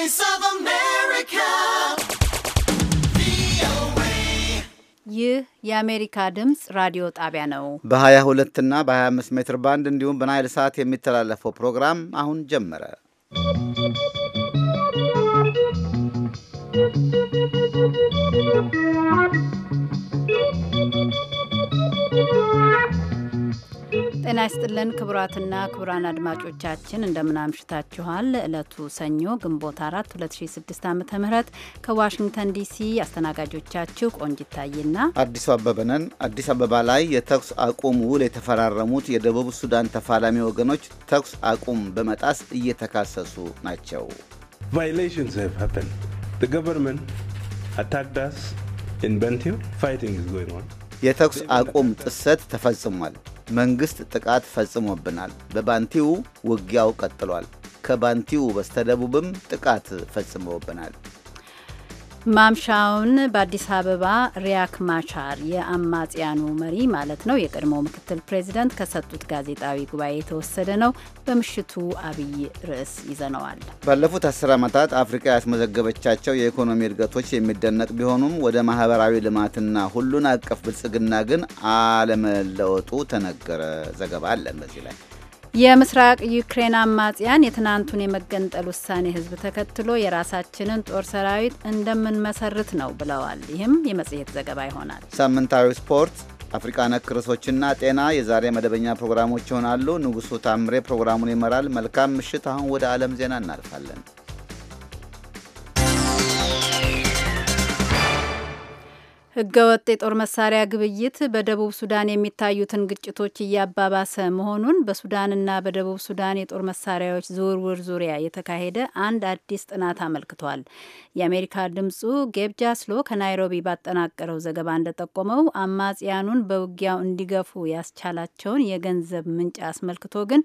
voice of America. ይህ የአሜሪካ ድምፅ ራዲዮ ጣቢያ ነው። በ22 እና በ25 ሜትር ባንድ እንዲሁም በናይል ሰዓት የሚተላለፈው ፕሮግራም አሁን ጀመረ። ጤና ይስጥልን ክቡራትና ክቡራን አድማጮቻችን እንደምናምሽታችኋል። ዕለቱ ሰኞ ግንቦት 4 2006 ዓ ም ከዋሽንግተን ዲሲ አስተናጋጆቻችሁ ቆንጂት ታዬና አዲሱ አበበ ነን። አዲስ አበባ ላይ የተኩስ አቁም ውል የተፈራረሙት የደቡብ ሱዳን ተፋላሚ ወገኖች ተኩስ አቁም በመጣስ እየተካሰሱ ናቸው። የተኩስ አቁም ጥሰት ተፈጽሟል። መንግሥት ጥቃት ፈጽሞብናል። በባንቲው ውጊያው ቀጥሏል። ከባንቲው በስተደቡብም ጥቃት ፈጽሞብናል። ማምሻውን በአዲስ አበባ ሪያክ ማቻር የአማጽያኑ መሪ ማለት ነው የቀድሞ ምክትል ፕሬዚደንት ከሰጡት ጋዜጣዊ ጉባኤ የተወሰደ ነው። በምሽቱ አብይ ርዕስ ይዘነዋል። ባለፉት አስር ዓመታት አፍሪካ ያስመዘገበቻቸው የኢኮኖሚ እድገቶች የሚደነቅ ቢሆኑም ወደ ማህበራዊ ልማትና ሁሉን አቀፍ ብልጽግና ግን አለመለወጡ ተነገረ። ዘገባ አለን በዚህ ላይ የምስራቅ ዩክሬን አማጽያን የትናንቱን የመገንጠል ውሳኔ ህዝብ ተከትሎ የራሳችንን ጦር ሰራዊት እንደምንመሰርት ነው ብለዋል። ይህም የመጽሔት ዘገባ ይሆናል። ሳምንታዊ ስፖርት፣ አፍሪቃ ነክ ርዕሶችና ጤና የዛሬ መደበኛ ፕሮግራሞች ይሆናሉ። ንጉሱ ታምሬ ፕሮግራሙን ይመራል። መልካም ምሽት። አሁን ወደ ዓለም ዜና እናልፋለን። ህገወጥ የጦር መሳሪያ ግብይት በደቡብ ሱዳን የሚታዩትን ግጭቶች እያባባሰ መሆኑን በሱዳንና በደቡብ ሱዳን የጦር መሳሪያዎች ዝውውር ዙሪያ የተካሄደ አንድ አዲስ ጥናት አመልክቷል። የአሜሪካ ድምጹ ጌብ ጃስሎ ከናይሮቢ ባጠናቀረው ዘገባ እንደጠቆመው አማጽያኑን በውጊያው እንዲገፉ ያስቻላቸውን የገንዘብ ምንጭ አስመልክቶ ግን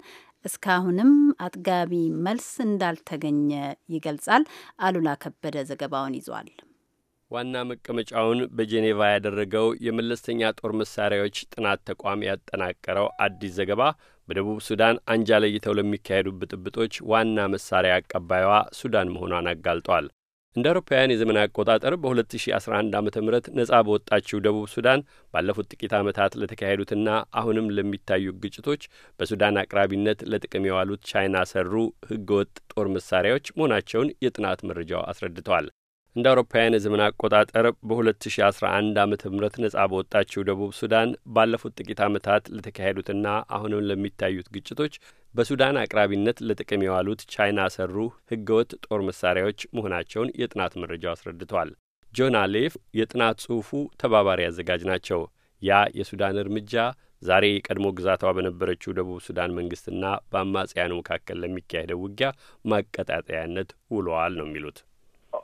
እስካሁንም አጥጋቢ መልስ እንዳልተገኘ ይገልጻል። አሉላ ከበደ ዘገባውን ይዟል። ዋና መቀመጫውን በጄኔቫ ያደረገው የመለስተኛ ጦር መሳሪያዎች ጥናት ተቋም ያጠናቀረው አዲስ ዘገባ በደቡብ ሱዳን አንጃ ለይተው ለሚካሄዱ ብጥብጦች ዋና መሳሪያ አቀባይዋ ሱዳን መሆኗን አጋልጧል። እንደ አውሮፓውያን የዘመን አቆጣጠር በ2011 ዓ ም ነጻ በወጣችው ደቡብ ሱዳን ባለፉት ጥቂት ዓመታት ለተካሄዱትና አሁንም ለሚታዩ ግጭቶች በሱዳን አቅራቢነት ለጥቅም የዋሉት ቻይና ሰሩ ህገወጥ ጦር መሳሪያዎች መሆናቸውን የጥናት መረጃው አስረድተዋል። እንደ አውሮፓውያን የዘመን አቆጣጠር በ2011 ዓ ም ነጻ በወጣችው ደቡብ ሱዳን ባለፉት ጥቂት ዓመታት ለተካሄዱትና አሁንም ለሚታዩት ግጭቶች በሱዳን አቅራቢነት ለጥቅም የዋሉት ቻይና ሰሩ ህገወጥ ጦር መሳሪያዎች መሆናቸውን የጥናት መረጃው አስረድቷል። ጆን አሌፍ የጥናት ጽሑፉ ተባባሪ አዘጋጅ ናቸው። ያ የሱዳን እርምጃ ዛሬ የቀድሞ ግዛቷ በነበረችው ደቡብ ሱዳን መንግስትና በአማጽያኑ መካከል ለሚካሄደው ውጊያ ማቀጣጠያነት ውለዋል ነው የሚሉት።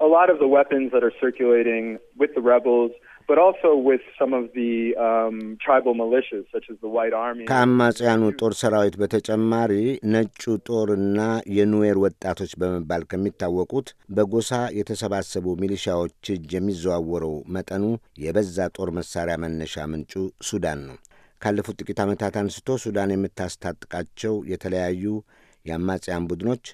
a lot of the weapons that are circulating with the rebels, but also with some of the um, tribal militias, such as the White Army. ከአማጽያኑ ጦር ሰራዊት በተጨማሪ ነጩ ጦርና የኑዌር ወጣቶች በመባል ከሚታወቁት በጎሳ የተሰባሰቡ ሚሊሻዎች እጅ የሚዘዋወረው መጠኑ የበዛ ጦር መሳሪያ መነሻ ምንጩ ሱዳን ነው። ካለፉት ጥቂት ዓመታት አንስቶ ሱዳን የምታስታጥቃቸው የተለያዩ የአማጽያን ቡድኖች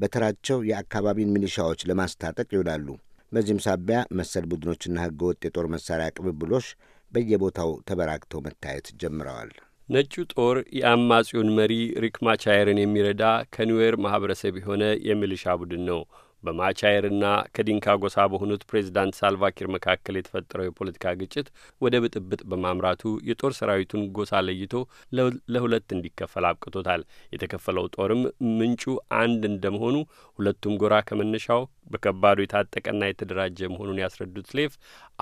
በተራቸው የአካባቢን ሚሊሻዎች ለማስታጠቅ ይውላሉ። በዚህም ሳቢያ መሰል ቡድኖችና ህገወጥ የጦር መሳሪያ ቅብብሎች በየቦታው ተበራክተው መታየት ጀምረዋል። ነጩ ጦር የአማጺውን መሪ ሪክ ማቻየርን የሚረዳ ከኒዌር ማህበረሰብ የሆነ የሚሊሻ ቡድን ነው። በማቻየርና ከዲንካ ጎሳ በሆኑት ፕሬዚዳንት ሳልቫኪር መካከል የተፈጠረው የፖለቲካ ግጭት ወደ ብጥብጥ በማምራቱ የጦር ሰራዊቱን ጎሳ ለይቶ ለሁለት እንዲከፈል አብቅቶታል። የተከፈለው ጦርም ምንጩ አንድ እንደመሆኑ ሁለቱም ጎራ ከመነሻው በከባዱ የታጠቀና የተደራጀ መሆኑን ያስረዱት ስሌፍ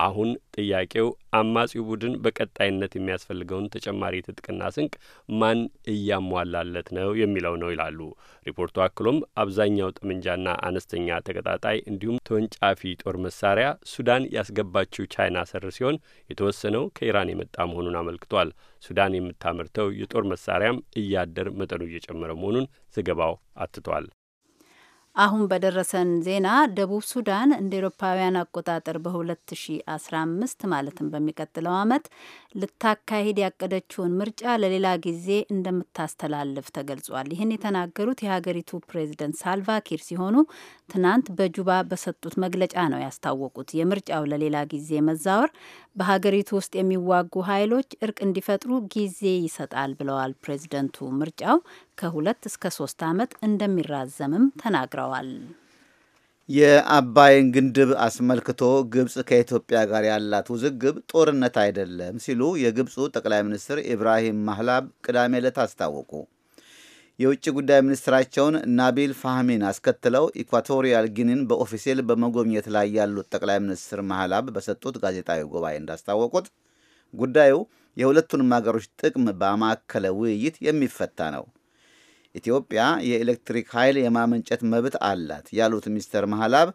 አሁን ጥያቄው አማጺው ቡድን በቀጣይነት የሚያስፈልገውን ተጨማሪ ትጥቅና ስንቅ ማን እያሟላለት ነው የሚለው ነው ይላሉ። ሪፖርቱ አክሎም አብዛኛው ጠመንጃና አነስተኛ ተቀጣጣይ እንዲሁም ተወንጫፊ ጦር መሳሪያ ሱዳን ያስገባችው ቻይና ሰር ሲሆን የተወሰነው ከኢራን የመጣ መሆኑን አመልክቷል። ሱዳን የምታመርተው የጦር መሳሪያም እያደር መጠኑ እየጨመረ መሆኑን ዘገባው አትቷል። አሁን በደረሰን ዜና ደቡብ ሱዳን እንደ ኤሮፓውያን አቆጣጠር በ2015 ማለትም በሚቀጥለው ዓመት ልታካሄድ ያቀደችውን ምርጫ ለሌላ ጊዜ እንደምታስተላልፍ ተገልጿል። ይህን የተናገሩት የሀገሪቱ ፕሬዚደንት ሳልቫኪር ሲሆኑ ትናንት በጁባ በሰጡት መግለጫ ነው ያስታወቁት። የምርጫው ለሌላ ጊዜ መዛወር በሀገሪቱ ውስጥ የሚዋጉ ኃይሎች እርቅ እንዲፈጥሩ ጊዜ ይሰጣል ብለዋል ፕሬዚደንቱ። ምርጫው ከሁለት እስከ ሶስት ዓመት እንደሚራዘምም ተናግረዋል። የአባይን ግድብ አስመልክቶ ግብፅ ከኢትዮጵያ ጋር ያላት ውዝግብ ጦርነት አይደለም ሲሉ የግብፁ ጠቅላይ ሚኒስትር ኢብራሂም ማህላብ ቅዳሜ ዕለት አስታወቁ። የውጭ ጉዳይ ሚኒስትራቸውን ናቢል ፋህሚን አስከትለው ኢኳቶሪያል ጊኒን በኦፊሴል በመጎብኘት ላይ ያሉት ጠቅላይ ሚኒስትር ማህላብ በሰጡት ጋዜጣዊ ጉባኤ እንዳስታወቁት ጉዳዩ የሁለቱንም ሀገሮች ጥቅም በማዕከለ ውይይት የሚፈታ ነው። ኢትዮጵያ የኤሌክትሪክ ኃይል የማመንጨት መብት አላት ያሉት ሚስተር መሃላብ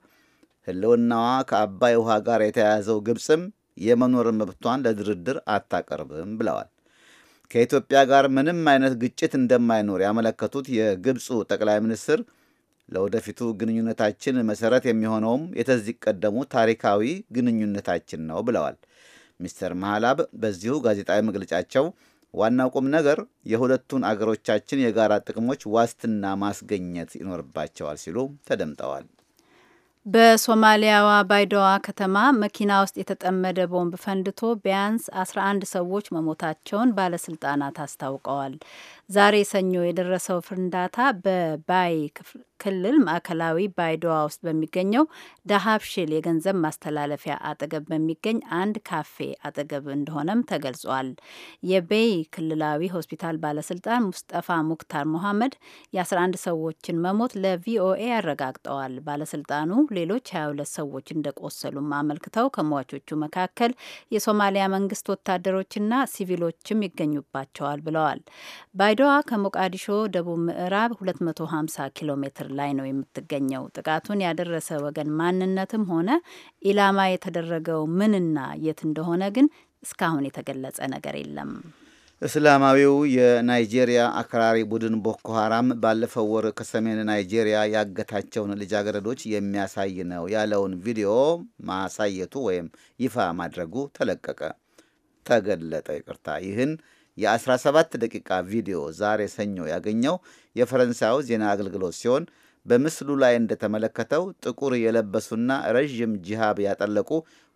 ህልውናዋ ከአባይ ውሃ ጋር የተያያዘው ግብፅም የመኖር መብቷን ለድርድር አታቀርብም ብለዋል። ከኢትዮጵያ ጋር ምንም አይነት ግጭት እንደማይኖር ያመለከቱት የግብፁ ጠቅላይ ሚኒስትር ለወደፊቱ ግንኙነታችን መሰረት የሚሆነውም የተዚህ ቀደሙ ታሪካዊ ግንኙነታችን ነው ብለዋል። ሚስተር መሃላብ በዚሁ ጋዜጣዊ መግለጫቸው ዋናው ቁም ነገር የሁለቱን አገሮቻችን የጋራ ጥቅሞች ዋስትና ማስገኘት ይኖርባቸዋል ሲሉ ተደምጠዋል። በሶማሊያዋ ባይዶዋ ከተማ መኪና ውስጥ የተጠመደ ቦምብ ፈንድቶ ቢያንስ 11 ሰዎች መሞታቸውን ባለስልጣናት አስታውቀዋል። ዛሬ ሰኞ የደረሰው ፍንዳታ በባይ ክልል ማዕከላዊ ባይዶዋ ውስጥ በሚገኘው ዳሀብሽል የገንዘብ ማስተላለፊያ አጠገብ በሚገኝ አንድ ካፌ አጠገብ እንደሆነም ተገልጿል። የቤይ ክልላዊ ሆስፒታል ባለስልጣን ሙስጠፋ ሙክታር ሞሐመድ የ11 ሰዎችን መሞት ለቪኦኤ አረጋግጠዋል። ባለስልጣኑ ሌሎች 22 ሰዎች እንደቆሰሉም አመልክተው ከሟቾቹ መካከል የሶማሊያ መንግስት ወታደሮችና ሲቪሎችም ይገኙባቸዋል ብለዋል። ድሬዳዋ ከሞቃዲሾ ደቡብ ምዕራብ 250 ኪሎ ሜትር ላይ ነው የምትገኘው። ጥቃቱን ያደረሰ ወገን ማንነትም ሆነ ኢላማ የተደረገው ምንና የት እንደሆነ ግን እስካሁን የተገለጸ ነገር የለም። እስላማዊው የናይጄሪያ አክራሪ ቡድን ቦኮ ሀራም ባለፈው ወር ከሰሜን ናይጄሪያ ያገታቸውን ልጃገረዶች የሚያሳይ ነው ያለውን ቪዲዮ ማሳየቱ ወይም ይፋ ማድረጉ ተለቀቀ ተገለጠ። ይቅርታ ይህን የ17 ደቂቃ ቪዲዮ ዛሬ ሰኞ ያገኘው የፈረንሳዩ ዜና አገልግሎት ሲሆን በምስሉ ላይ እንደተመለከተው ጥቁር የለበሱና ረዥም ጂሃብ ያጠለቁ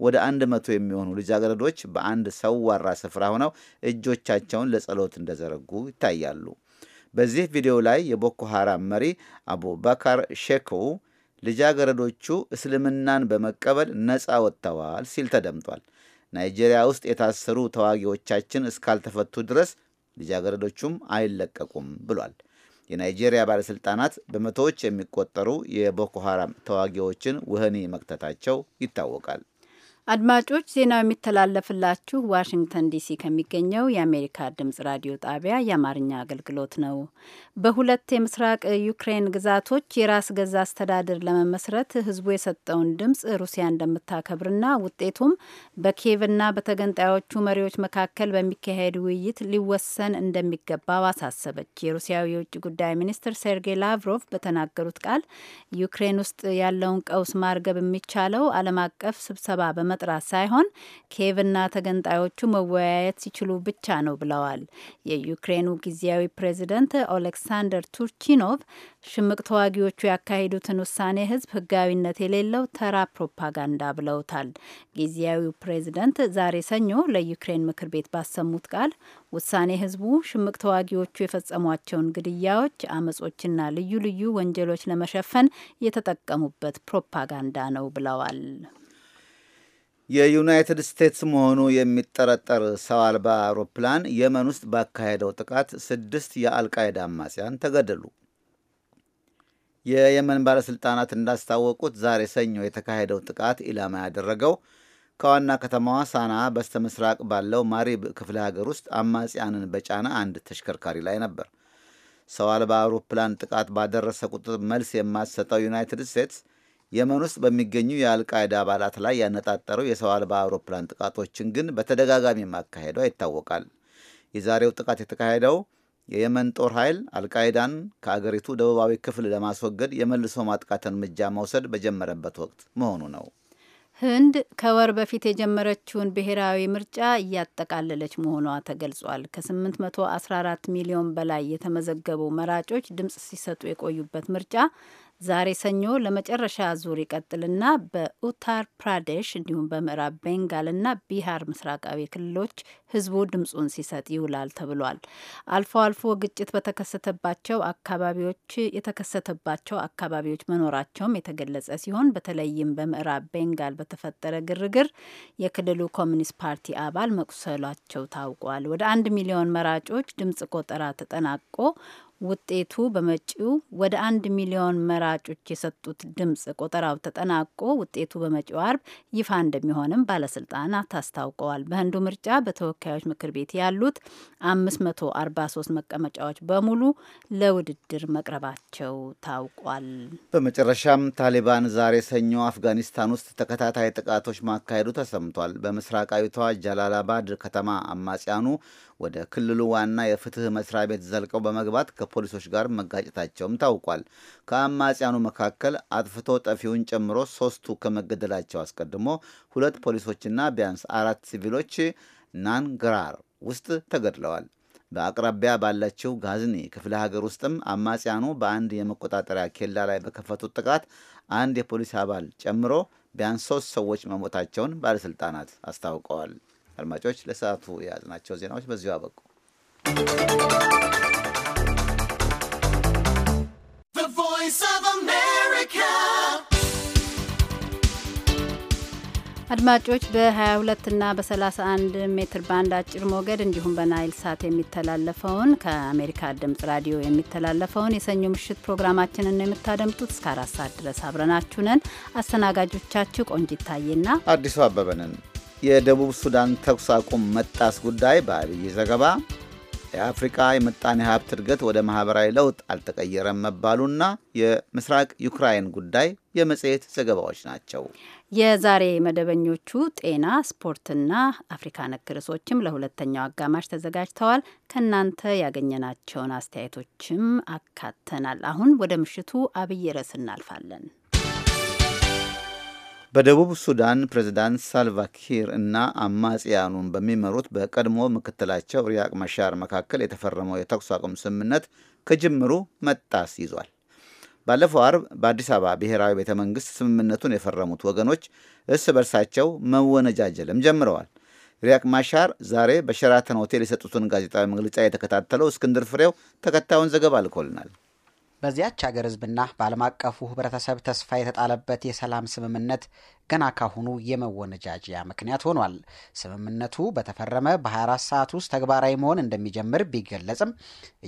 ወደ አንድ መቶ የሚሆኑ ልጃገረዶች በአንድ ሰዋራ ስፍራ ሆነው እጆቻቸውን ለጸሎት እንደዘረጉ ይታያሉ። በዚህ ቪዲዮ ላይ የቦኮ ሐራም መሪ አቡበካር ሼኮ ልጃገረዶቹ እስልምናን በመቀበል ነፃ ወጥተዋል ሲል ተደምጧል። ናይጄሪያ ውስጥ የታሰሩ ተዋጊዎቻችን እስካልተፈቱ ድረስ ልጃገረዶቹም አይለቀቁም ብሏል። የናይጄሪያ ባለሥልጣናት በመቶዎች የሚቆጠሩ የቦኮ ሐራም ተዋጊዎችን ውህኒ መክተታቸው ይታወቃል። አድማጮች ዜናው የሚተላለፍላችሁ ዋሽንግተን ዲሲ ከሚገኘው የአሜሪካ ድምጽ ራዲዮ ጣቢያ የአማርኛ አገልግሎት ነው። በሁለት የምስራቅ ዩክሬን ግዛቶች የራስ ገዛ አስተዳደር ለመመስረት ህዝቡ የሰጠውን ድምጽ ሩሲያ እንደምታከብርና ውጤቱም በኪየቭና በተገንጣዮቹ መሪዎች መካከል በሚካሄድ ውይይት ሊወሰን እንደሚገባው አሳሰበች። የሩሲያው የውጭ ጉዳይ ሚኒስትር ሴርጌይ ላቭሮቭ በተናገሩት ቃል ዩክሬን ውስጥ ያለውን ቀውስ ማርገብ የሚቻለው ዓለም አቀፍ ስብሰባ በመ ለማጥራት ሳይሆን ኬቭና ተገንጣዮቹ መወያየት ሲችሉ ብቻ ነው ብለዋል። የዩክሬኑ ጊዜያዊ ፕሬዚደንት ኦሌክሳንደር ቱርቺኖቭ ሽምቅ ተዋጊዎቹ ያካሄዱትን ውሳኔ ህዝብ ህጋዊነት የሌለው ተራ ፕሮፓጋንዳ ብለውታል። ጊዜያዊው ፕሬዚደንት ዛሬ ሰኞ ለዩክሬን ምክር ቤት ባሰሙት ቃል ውሳኔ ህዝቡ ሽምቅ ተዋጊዎቹ የፈጸሟቸውን ግድያዎች፣ አመጾችና ልዩ ልዩ ወንጀሎች ለመሸፈን የተጠቀሙበት ፕሮፓጋንዳ ነው ብለዋል። የዩናይትድ ስቴትስ መሆኑ የሚጠረጠር ሰው አልባ አውሮፕላን የመን ውስጥ ባካሄደው ጥቃት ስድስት የአልቃይዳ አማጽያን ተገደሉ። የየመን ባለሥልጣናት እንዳስታወቁት ዛሬ ሰኞ የተካሄደው ጥቃት ኢላማ ያደረገው ከዋና ከተማዋ ሳና በስተ ምስራቅ ባለው ማሪብ ክፍለ ሀገር ውስጥ አማጽያንን በጫነ አንድ ተሽከርካሪ ላይ ነበር። ሰው አልባ አውሮፕላን ጥቃት ባደረሰ ቁጥር መልስ የማትሰጠው ዩናይትድ ስቴትስ የመን ውስጥ በሚገኙ የአልቃይዳ አባላት ላይ ያነጣጠረው የሰው አልባ አውሮፕላን ጥቃቶችን ግን በተደጋጋሚ ማካሄዷ ይታወቃል። የዛሬው ጥቃት የተካሄደው የየመን ጦር ኃይል አልቃይዳን ከአገሪቱ ደቡባዊ ክፍል ለማስወገድ የመልሶ ማጥቃት እርምጃ መውሰድ በጀመረበት ወቅት መሆኑ ነው። ህንድ ከወር በፊት የጀመረችውን ብሔራዊ ምርጫ እያጠቃለለች መሆኗ ተገልጿል። ከ814 ሚሊዮን በላይ የተመዘገቡ መራጮች ድምፅ ሲሰጡ የቆዩበት ምርጫ ዛሬ ሰኞ ለመጨረሻ ዙር ይቀጥልና በኡታር ፕራዴሽ እንዲሁም በምዕራብ ቤንጋልና ቢሃር ምስራቃዊ ክልሎች ህዝቡ ድምፁን ሲሰጥ ይውላል ተብሏል። አልፎ አልፎ ግጭት በተከሰተባቸው አካባቢዎች የተከሰተባቸው አካባቢዎች መኖራቸውም የተገለጸ ሲሆን በተለይም በምዕራብ ቤንጋል በተፈጠረ ግርግር የክልሉ ኮሚኒስት ፓርቲ አባል መቁሰሏቸው ታውቋል። ወደ አንድ ሚሊዮን መራጮች ድምጽ ቆጠራ ተጠናቆ ውጤቱ በመጪው ወደ አንድ ሚሊዮን መራጮች የሰጡት ድምፅ ቆጠራው ተጠናቆ ውጤቱ በመጪው አርብ ይፋ እንደሚሆንም ባለስልጣናት አስታውቀዋል። በህንዱ ምርጫ በተወካዮች ምክር ቤት ያሉት 543 መቀመጫዎች በሙሉ ለውድድር መቅረባቸው ታውቋል። በመጨረሻም ታሊባን ዛሬ ሰኞ አፍጋኒስታን ውስጥ ተከታታይ ጥቃቶች ማካሄዱ ተሰምቷል። በምስራቃዊቷ ጃላላባድ ከተማ አማጽያኑ ወደ ክልሉ ዋና የፍትህ መስሪያ ቤት ዘልቀው በመግባት ከፖሊሶች ጋር መጋጨታቸውም ታውቋል። ከአማጽያኑ መካከል አጥፍቶ ጠፊውን ጨምሮ ሶስቱ ከመገደላቸው አስቀድሞ ሁለት ፖሊሶችና ቢያንስ አራት ሲቪሎች ናንግራር ውስጥ ተገድለዋል። በአቅራቢያ ባለችው ጋዝኒ ክፍለ ሀገር ውስጥም አማጽያኑ በአንድ የመቆጣጠሪያ ኬላ ላይ በከፈቱት ጥቃት አንድ የፖሊስ አባል ጨምሮ ቢያንስ ሶስት ሰዎች መሞታቸውን ባለሥልጣናት አስታውቀዋል። አድማጮች ለሰዓቱ የያዝናቸው ዜናዎች በዚሁ አበቁ። አድማጮች በ22 እና በ31 ሜትር ባንድ አጭር ሞገድ እንዲሁም በናይል ሳት የሚተላለፈውን ከአሜሪካ ድምጽ ራዲዮ የሚተላለፈውን የሰኞ ምሽት ፕሮግራማችንን ነው የምታደምጡት። እስከ አራት ሰዓት ድረስ አብረናችሁ ነን። አስተናጋጆቻችሁ ቆንጂት ታዬና አዲሱ አበበ ነን። የደቡብ ሱዳን ተኩስ አቁም መጣስ ጉዳይ በአብይ ዘገባ፣ የአፍሪቃ የምጣኔ ሀብት እድገት ወደ ማህበራዊ ለውጥ አልተቀየረም መባሉና የምስራቅ ዩክራይን ጉዳይ የመጽሔት ዘገባዎች ናቸው። የዛሬ መደበኞቹ ጤና፣ ስፖርትና አፍሪካ ነክ ርዕሶችም ለሁለተኛው አጋማሽ ተዘጋጅተዋል። ከእናንተ ያገኘናቸውን አስተያየቶችም አካተናል። አሁን ወደ ምሽቱ አብይ ርዕስ እናልፋለን። በደቡብ ሱዳን ፕሬዝዳንት ሳልቫኪር እና አማጽያኑን በሚመሩት በቀድሞ ምክትላቸው ሪያቅ ማሻር መካከል የተፈረመው የተኩስ አቁም ስምምነት ከጅምሩ መጣስ ይዟል። ባለፈው አርብ በአዲስ አበባ ብሔራዊ ቤተ መንግስት ስምምነቱን የፈረሙት ወገኖች እርስ በርሳቸው መወነጃጀልም ጀምረዋል። ሪያቅ ማሻር ዛሬ በሸራተን ሆቴል የሰጡትን ጋዜጣዊ መግለጫ የተከታተለው እስክንድር ፍሬው ተከታዩን ዘገባ ልኮልናል። በዚያች አገር ህዝብና በዓለም አቀፉ ህብረተሰብ ተስፋ የተጣለበት የሰላም ስምምነት ገና ካሁኑ የመወነጃጅያ ምክንያት ሆኗል። ስምምነቱ በተፈረመ በ24 ሰዓት ውስጥ ተግባራዊ መሆን እንደሚጀምር ቢገለጽም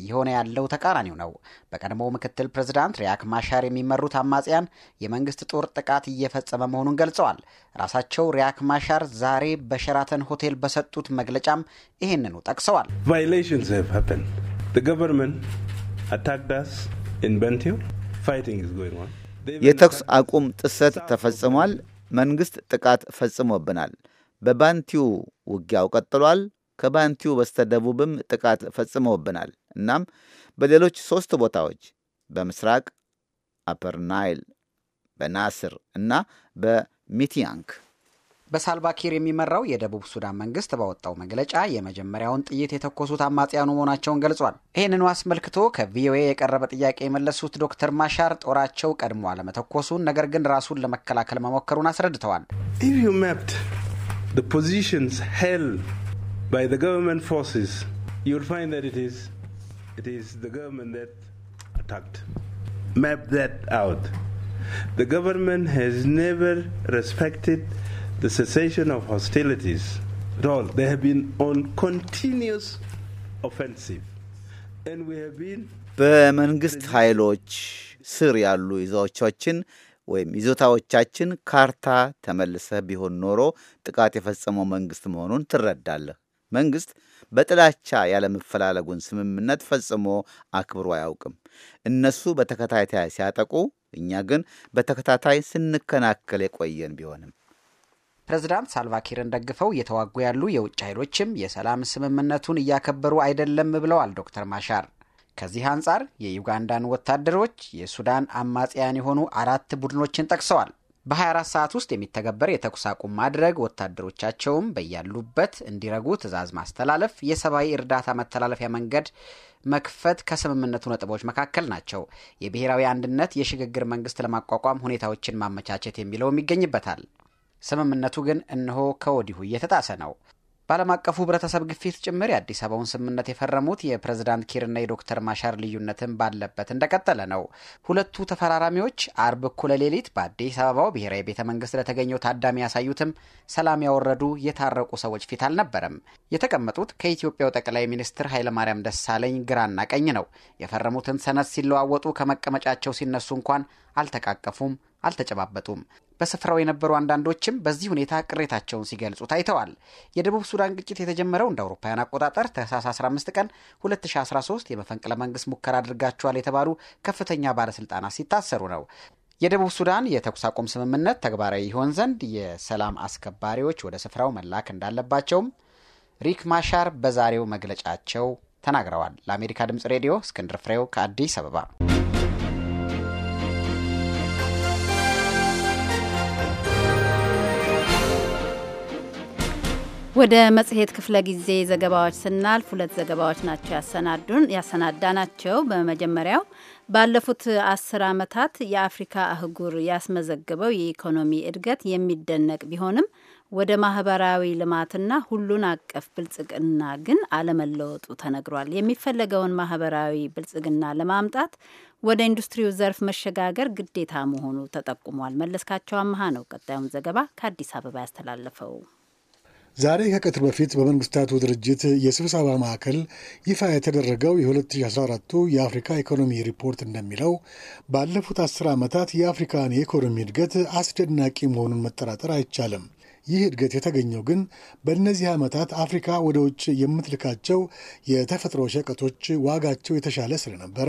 እየሆነ ያለው ተቃራኒው ነው። በቀድሞው ምክትል ፕሬዝዳንት ሪያክ ማሻር የሚመሩት አማጽያን የመንግስት ጦር ጥቃት እየፈጸመ መሆኑን ገልጸዋል። ራሳቸው ሪያክ ማሻር ዛሬ በሸራተን ሆቴል በሰጡት መግለጫም ይህንኑ ጠቅሰዋል። የተኩስ አቁም ጥሰት ተፈጽሟል። መንግሥት ጥቃት ፈጽሞብናል። በባንቲው ውጊያው ቀጥሏል። ከባንቲው በስተደቡብም ጥቃት ፈጽሞብናል እናም በሌሎች ሦስት ቦታዎች በምስራቅ አፐርናይል፣ በናስር እና በሚቲያንክ በሳልቫኪር የሚመራው የደቡብ ሱዳን መንግስት ባወጣው መግለጫ የመጀመሪያውን ጥይት የተኮሱት አማጽያኑ መሆናቸውን ገልጿል። ይህንኑ አስመልክቶ ከቪኦኤ የቀረበ ጥያቄ የመለሱት ዶክተር ማሻር ጦራቸው ቀድሞ አለመተኮሱን፣ ነገር ግን ራሱን ለመከላከል መሞከሩን አስረድተዋል። ማፕ the cessation of hostilities, at all, they have been on continuous offensive. And we have been በመንግስት ኃይሎች ስር ያሉ ይዞቻችን ወይም ይዞታዎቻችን ካርታ ተመልሰህ ቢሆን ኖሮ ጥቃት የፈጸመው መንግስት መሆኑን ትረዳለህ። መንግስት በጥላቻ ያለመፈላለጉን ስምምነት ፈጽሞ አክብሮ አያውቅም። እነሱ በተከታታይ ሲያጠቁ፣ እኛ ግን በተከታታይ ስንከናከል የቆየን ቢሆንም ፕሬዝዳንት ሳልቫኪርን ደግፈው እየተዋጉ ያሉ የውጭ ኃይሎችም የሰላም ስምምነቱን እያከበሩ አይደለም ብለዋል ዶክተር ማሻር። ከዚህ አንጻር የዩጋንዳን ወታደሮች የሱዳን አማጽያን የሆኑ አራት ቡድኖችን ጠቅሰዋል። በ24 ሰዓት ውስጥ የሚተገበር የተኩስ አቁም ማድረግ፣ ወታደሮቻቸውም በያሉበት እንዲረጉ ትዕዛዝ ማስተላለፍ፣ የሰብአዊ እርዳታ መተላለፊያ መንገድ መክፈት ከስምምነቱ ነጥቦች መካከል ናቸው። የብሔራዊ አንድነት የሽግግር መንግስት ለማቋቋም ሁኔታዎችን ማመቻቸት የሚለውም ይገኝበታል። ስምምነቱ ግን እነሆ ከወዲሁ እየተጣሰ ነው። በዓለም አቀፉ ህብረተሰብ ግፊት ጭምር የአዲስ አበባውን ስምምነት የፈረሙት የፕሬዝዳንት ኪርና የዶክተር ማሻር ልዩነትን ባለበት እንደቀጠለ ነው። ሁለቱ ተፈራራሚዎች አርብ እኩለ ሌሊት በአዲስ አበባው ብሔራዊ ቤተ መንግስት ለተገኘው ታዳሚ ያሳዩትም ሰላም ያወረዱ የታረቁ ሰዎች ፊት አልነበረም። የተቀመጡት ከኢትዮጵያው ጠቅላይ ሚኒስትር ኃይለማርያም ደሳለኝ ግራና ቀኝ ነው። የፈረሙትን ሰነድ ሲለዋወጡ ከመቀመጫቸው ሲነሱ እንኳን አልተቃቀፉም፣ አልተጨባበጡም። በስፍራው የነበሩ አንዳንዶችም በዚህ ሁኔታ ቅሬታቸውን ሲገልጹ ታይተዋል። የደቡብ ሱዳን ግጭት የተጀመረው እንደ አውሮፓውያን አቆጣጠር ታህሳስ 15 ቀን 2013 የመፈንቅለ መንግስት ሙከራ አድርጋቸዋል የተባሉ ከፍተኛ ባለስልጣናት ሲታሰሩ ነው። የደቡብ ሱዳን የተኩስ አቁም ስምምነት ተግባራዊ ይሆን ዘንድ የሰላም አስከባሪዎች ወደ ስፍራው መላክ እንዳለባቸውም ሪክ ማሻር በዛሬው መግለጫቸው ተናግረዋል። ለአሜሪካ ድምጽ ሬዲዮ እስክንድር ፍሬው ከአዲስ አበባ ወደ መጽሔት ክፍለ ጊዜ ዘገባዎች ስናልፍ ሁለት ዘገባዎች ናቸው ያሰናዱን ያሰናዳናቸው። በመጀመሪያው ባለፉት አስር ዓመታት የአፍሪካ አህጉር ያስመዘገበው የኢኮኖሚ እድገት የሚደነቅ ቢሆንም ወደ ማህበራዊ ልማትና ሁሉን አቀፍ ብልጽግና ግን አለመለወጡ ተነግሯል። የሚፈለገውን ማህበራዊ ብልጽግና ለማምጣት ወደ ኢንዱስትሪው ዘርፍ መሸጋገር ግዴታ መሆኑ ተጠቁሟል። መለስካቸው አመሃ ነው ቀጣዩን ዘገባ ከአዲስ አበባ ያስተላለፈው። ዛሬ ከቀትር በፊት በመንግስታቱ ድርጅት የስብሰባ ማዕከል ይፋ የተደረገው የ2014ቱ የአፍሪካ ኢኮኖሚ ሪፖርት እንደሚለው ባለፉት አስር ዓመታት የአፍሪካን የኢኮኖሚ እድገት አስደናቂ መሆኑን መጠራጠር አይቻልም። ይህ እድገት የተገኘው ግን በእነዚህ ዓመታት አፍሪካ ወደ ውጭ የምትልካቸው የተፈጥሮ ሸቀጦች ዋጋቸው የተሻለ ስለነበረ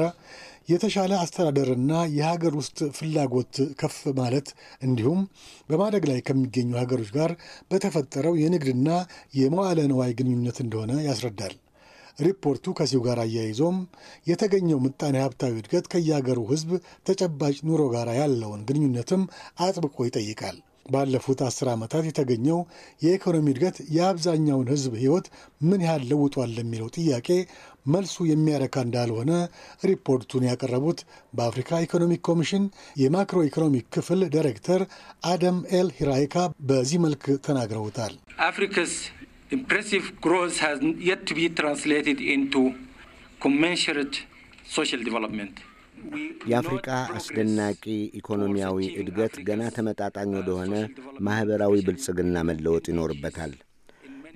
የተሻለ አስተዳደርና የሀገር ውስጥ ፍላጎት ከፍ ማለት እንዲሁም በማደግ ላይ ከሚገኙ ሀገሮች ጋር በተፈጠረው የንግድና የመዋለ ነዋይ ግንኙነት እንደሆነ ያስረዳል። ሪፖርቱ ከዚሁ ጋር አያይዞም የተገኘው ምጣኔ ሀብታዊ እድገት ከየሀገሩ ሕዝብ ተጨባጭ ኑሮ ጋር ያለውን ግንኙነትም አጥብቆ ይጠይቃል። ባለፉት አስር ዓመታት የተገኘው የኢኮኖሚ እድገት የአብዛኛውን ሕዝብ ሕይወት ምን ያህል ለውጧል ለሚለው ጥያቄ መልሱ የሚያረካ እንዳልሆነ ሪፖርቱን ያቀረቡት በአፍሪካ ኢኮኖሚክ ኮሚሽን የማክሮ ኢኮኖሚክ ክፍል ዳይሬክተር አደም ኤል ሂራይካ በዚህ መልክ ተናግረውታል። አፍሪካስ ኢምፕሬሲቭ ግሮዝ ሃዝ የት ቱ ቢ ትራንስሌትድ ኢንቱ ኮሜንሽሬት ሶሻል ዲቨሎፕመንት የአፍሪቃ አስደናቂ ኢኮኖሚያዊ እድገት ገና ተመጣጣኝ ወደሆነ ማኅበራዊ ብልጽግና መለወጥ ይኖርበታል።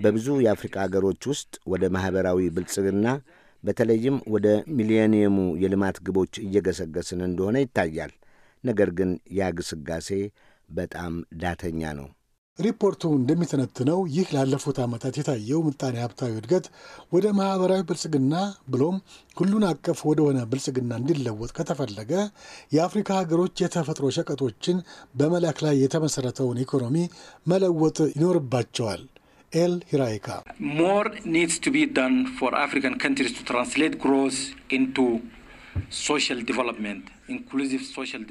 በብዙ የአፍሪቃ አገሮች ውስጥ ወደ ማኅበራዊ ብልጽግና በተለይም ወደ ሚሊዮኒየሙ የልማት ግቦች እየገሰገስን እንደሆነ ይታያል። ነገር ግን ያ ግስጋሴ በጣም ዳተኛ ነው። ሪፖርቱ እንደሚተነትነው ይህ ላለፉት ዓመታት የታየው ምጣኔ ሀብታዊ እድገት ወደ ማህበራዊ ብልጽግና ብሎም ሁሉን አቀፍ ወደሆነ ብልጽግና እንዲለወጥ ከተፈለገ የአፍሪካ ሀገሮች የተፈጥሮ ሸቀጦችን በመላክ ላይ የተመሰረተውን ኢኮኖሚ መለወጥ ይኖርባቸዋል። ኤል ሂራይካ ሞር ኒድስ ቱ ቢ ዳን ፎር አፍሪካን ካንትሪስ ቱ ትራንስሌት ግሮስ ኢንቱ ሶሻል ዲቨሎፕመንት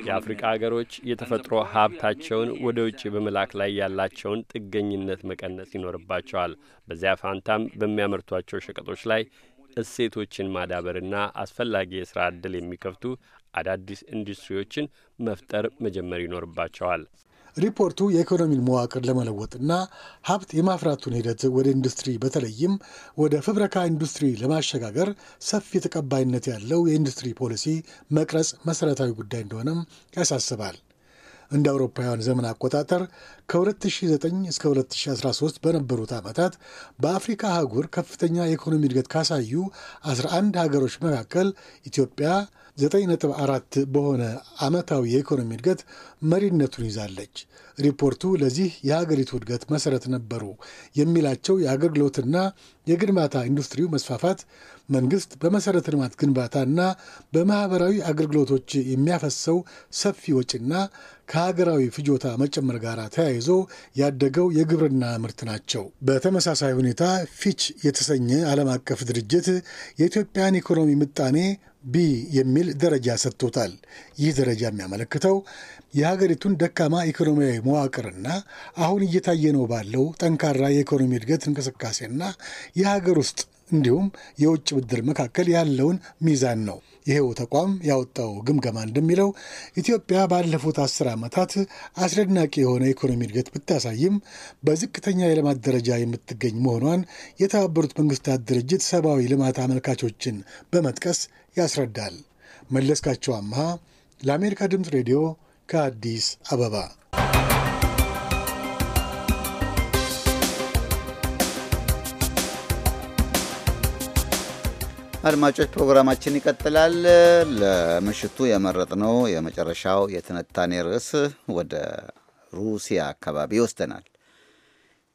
የአፍሪቃ ሀገሮች የተፈጥሮ ሀብታቸውን ወደ ውጭ በመላክ ላይ ያላቸውን ጥገኝነት መቀነስ ይኖርባቸዋል። በዚያ ፋንታም በሚያመርቷቸው ሸቀጦች ላይ እሴቶችን ማዳበርና አስፈላጊ የስራ ዕድል የሚከፍቱ አዳዲስ ኢንዱስትሪዎችን መፍጠር መጀመር ይኖርባቸዋል። ሪፖርቱ የኢኮኖሚን መዋቅር ለመለወጥና ሀብት የማፍራቱን ሂደት ወደ ኢንዱስትሪ በተለይም ወደ ፍብረካ ኢንዱስትሪ ለማሸጋገር ሰፊ ተቀባይነት ያለው የኢንዱስትሪ ፖሊሲ መቅረጽ መሠረታዊ ጉዳይ እንደሆነም ያሳስባል። እንደ አውሮፓውያን ዘመን አቆጣጠር ከ2009 እስከ 2013 በነበሩት ዓመታት በአፍሪካ አህጉር ከፍተኛ የኢኮኖሚ እድገት ካሳዩ 11 ሀገሮች መካከል ኢትዮጵያ 9.4 በሆነ ዓመታዊ የኢኮኖሚ እድገት መሪነቱን ይዛለች። ሪፖርቱ ለዚህ የሀገሪቱ እድገት መሰረት ነበሩ የሚላቸው የአገልግሎትና የግንባታ ኢንዱስትሪው መስፋፋት፣ መንግስት በመሰረተ ልማት ግንባታና በማህበራዊ አገልግሎቶች የሚያፈሰው ሰፊ ወጪና ከሀገራዊ ፍጆታ መጨመር ጋር ተያይዞ ያደገው የግብርና ምርት ናቸው። በተመሳሳይ ሁኔታ ፊች የተሰኘ ዓለም አቀፍ ድርጅት የኢትዮጵያን ኢኮኖሚ ምጣኔ ቢ የሚል ደረጃ ሰጥቶታል። ይህ ደረጃ የሚያመለክተው የሀገሪቱን ደካማ ኢኮኖሚያዊ መዋቅርና አሁን እየታየ ነው ባለው ጠንካራ የኢኮኖሚ እድገት እንቅስቃሴና የሀገር ውስጥ እንዲሁም የውጭ ብድር መካከል ያለውን ሚዛን ነው። ይሄው ተቋም ያወጣው ግምገማ እንደሚለው ኢትዮጵያ ባለፉት አስር ዓመታት አስደናቂ የሆነ ኢኮኖሚ እድገት ብታሳይም በዝቅተኛ የልማት ደረጃ የምትገኝ መሆኗን የተባበሩት መንግስታት ድርጅት ሰብአዊ ልማት አመልካቾችን በመጥቀስ ያስረዳል። መለስካቸው አምሃ ለአሜሪካ ድምፅ ሬዲዮ ከአዲስ አበባ አድማጮች ፕሮግራማችን ይቀጥላል። ለምሽቱ የመረጥነው የመጨረሻው የትንታኔ ርዕስ ወደ ሩሲያ አካባቢ ይወስደናል።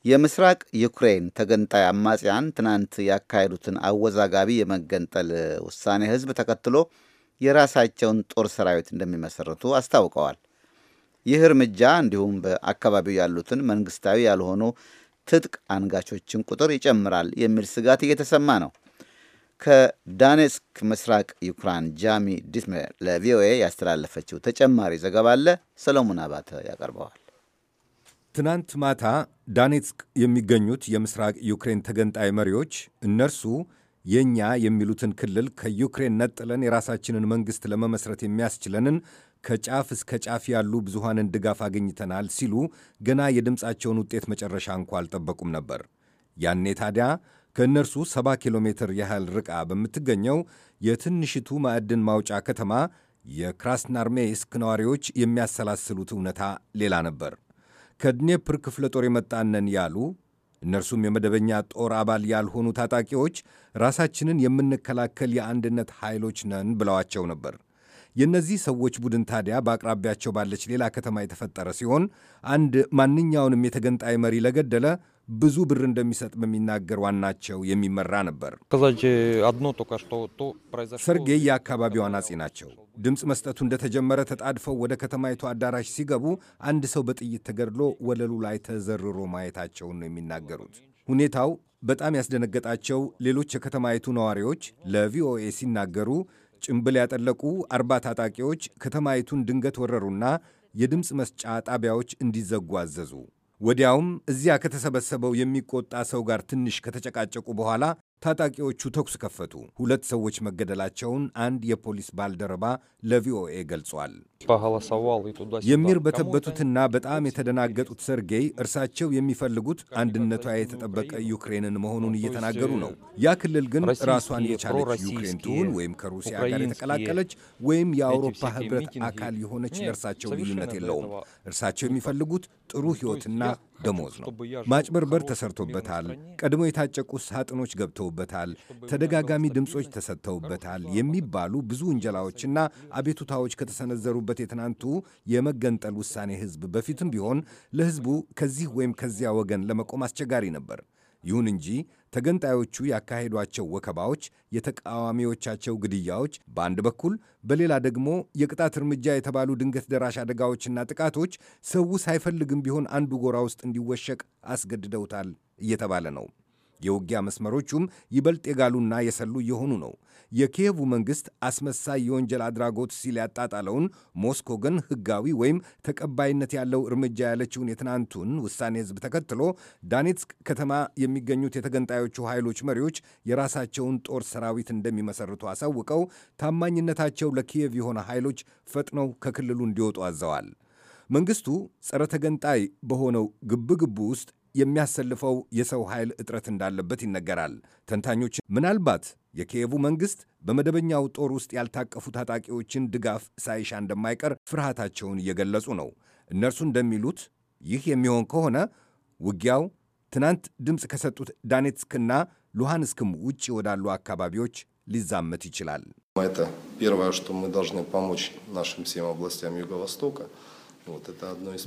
የምስራቅ ዩክሬን ተገንጣይ አማጽያን ትናንት ያካሄዱትን አወዛጋቢ የመገንጠል ውሳኔ ህዝብ ተከትሎ የራሳቸውን ጦር ሰራዊት እንደሚመሰርቱ አስታውቀዋል። ይህ እርምጃ እንዲሁም በአካባቢው ያሉትን መንግስታዊ ያልሆኑ ትጥቅ አንጋቾችን ቁጥር ይጨምራል የሚል ስጋት እየተሰማ ነው። ከዳኔስክ ምስራቅ ዩክራን ጃሚ ዲስሜ ለቪኦኤ ያስተላለፈችው ተጨማሪ ዘገባ አለ። ሰለሞን አባተ ያቀርበዋል። ትናንት ማታ ዳኔትስክ የሚገኙት የምስራቅ ዩክሬን ተገንጣይ መሪዎች እነርሱ የእኛ የሚሉትን ክልል ከዩክሬን ነጥለን የራሳችንን መንግሥት ለመመስረት የሚያስችለንን ከጫፍ እስከ ጫፍ ያሉ ብዙሃንን ድጋፍ አግኝተናል ሲሉ ገና የድምፃቸውን ውጤት መጨረሻ እንኳ አልጠበቁም ነበር። ያኔ ታዲያ ከእነርሱ 70 ኪሎ ሜትር ያህል ርቃ በምትገኘው የትንሽቱ ማዕድን ማውጫ ከተማ የክራስናርሜስክ ነዋሪዎች የሚያሰላስሉት እውነታ ሌላ ነበር። ከድኔፕር ክፍለ ጦር የመጣነን ያሉ እነርሱም የመደበኛ ጦር አባል ያልሆኑ ታጣቂዎች ራሳችንን የምንከላከል የአንድነት ኃይሎች ነን ብለዋቸው ነበር። የእነዚህ ሰዎች ቡድን ታዲያ በአቅራቢያቸው ባለች ሌላ ከተማ የተፈጠረ ሲሆን አንድ ማንኛውንም የተገንጣይ መሪ ለገደለ ብዙ ብር እንደሚሰጥ በሚናገር ዋናቸው የሚመራ ነበር። ሰርጌይ የአካባቢው አናጺ ናቸው። ድምፅ መስጠቱ እንደተጀመረ ተጣድፈው ወደ ከተማይቱ አዳራሽ ሲገቡ አንድ ሰው በጥይት ተገድሎ ወለሉ ላይ ተዘርሮ ማየታቸውን ነው የሚናገሩት። ሁኔታው በጣም ያስደነገጣቸው ሌሎች የከተማይቱ ነዋሪዎች ለቪኦኤ ሲናገሩ ጭምብል ያጠለቁ አርባ ታጣቂዎች ከተማይቱን ድንገት ወረሩና የድምፅ መስጫ ጣቢያዎች እንዲዘጉ አዘዙ። ወዲያውም እዚያ ከተሰበሰበው የሚቆጣ ሰው ጋር ትንሽ ከተጨቃጨቁ በኋላ ታጣቂዎቹ ተኩስ ከፈቱ። ሁለት ሰዎች መገደላቸውን አንድ የፖሊስ ባልደረባ ለቪኦኤ ገልጿል። የሚርበተበቱትና በጣም የተደናገጡት ሰርጌይ እርሳቸው የሚፈልጉት አንድነቷ የተጠበቀ ዩክሬንን መሆኑን እየተናገሩ ነው። ያ ክልል ግን ራሷን የቻለች ዩክሬን ትሁን ወይም ከሩሲያ ጋር የተቀላቀለች ወይም የአውሮፓ ሕብረት አካል የሆነች ለእርሳቸው ልዩነት የለውም። እርሳቸው የሚፈልጉት ጥሩ ሕይወትና ደሞዝ ነው። ማጭበርበር ተሰርቶበታል። ቀድሞ የታጨቁ ሳጥኖች ገብተውበታል። ተደጋጋሚ ድምፆች ተሰጥተውበታል የሚባሉ ብዙ ውንጀላዎችና አቤቱታዎች ከተሰነዘሩበት የትናንቱ የመገንጠል ውሳኔ ህዝብ በፊትም ቢሆን ለህዝቡ ከዚህ ወይም ከዚያ ወገን ለመቆም አስቸጋሪ ነበር። ይሁን እንጂ ተገንጣዮቹ ያካሄዷቸው ወከባዎች፣ የተቃዋሚዎቻቸው ግድያዎች በአንድ በኩል፣ በሌላ ደግሞ የቅጣት እርምጃ የተባሉ ድንገት ደራሽ አደጋዎችና ጥቃቶች ሰው ሳይፈልግም ቢሆን አንዱ ጎራ ውስጥ እንዲወሸቅ አስገድደውታል እየተባለ ነው። የውጊያ መስመሮቹም ይበልጥ የጋሉና የሰሉ እየሆኑ ነው። የኪየቡ መንግሥት አስመሳይ የወንጀል አድራጎት ሲል ያጣጣለውን ሞስኮ ግን ሕጋዊ ወይም ተቀባይነት ያለው እርምጃ ያለችውን የትናንቱን ውሳኔ ሕዝብ ተከትሎ ዳኔትስክ ከተማ የሚገኙት የተገንጣዮቹ ኃይሎች መሪዎች የራሳቸውን ጦር ሰራዊት እንደሚመሰርቱ አሳውቀው ታማኝነታቸው ለኪየቭ የሆነ ኃይሎች ፈጥነው ከክልሉ እንዲወጡ አዘዋል። መንግስቱ ጸረ ተገንጣይ በሆነው ግብግቡ ውስጥ የሚያሰልፈው የሰው ኃይል እጥረት እንዳለበት ይነገራል። ተንታኞች ምናልባት የኪየቡ መንግሥት በመደበኛው ጦር ውስጥ ያልታቀፉ ታጣቂዎችን ድጋፍ ሳይሻ እንደማይቀር ፍርሃታቸውን እየገለጹ ነው። እነርሱ እንደሚሉት ይህ የሚሆን ከሆነ ውጊያው ትናንት ድምፅ ከሰጡት ዳኔትስክና ሉሃንስክም ውጭ ወዳሉ አካባቢዎች ሊዛመት ይችላል።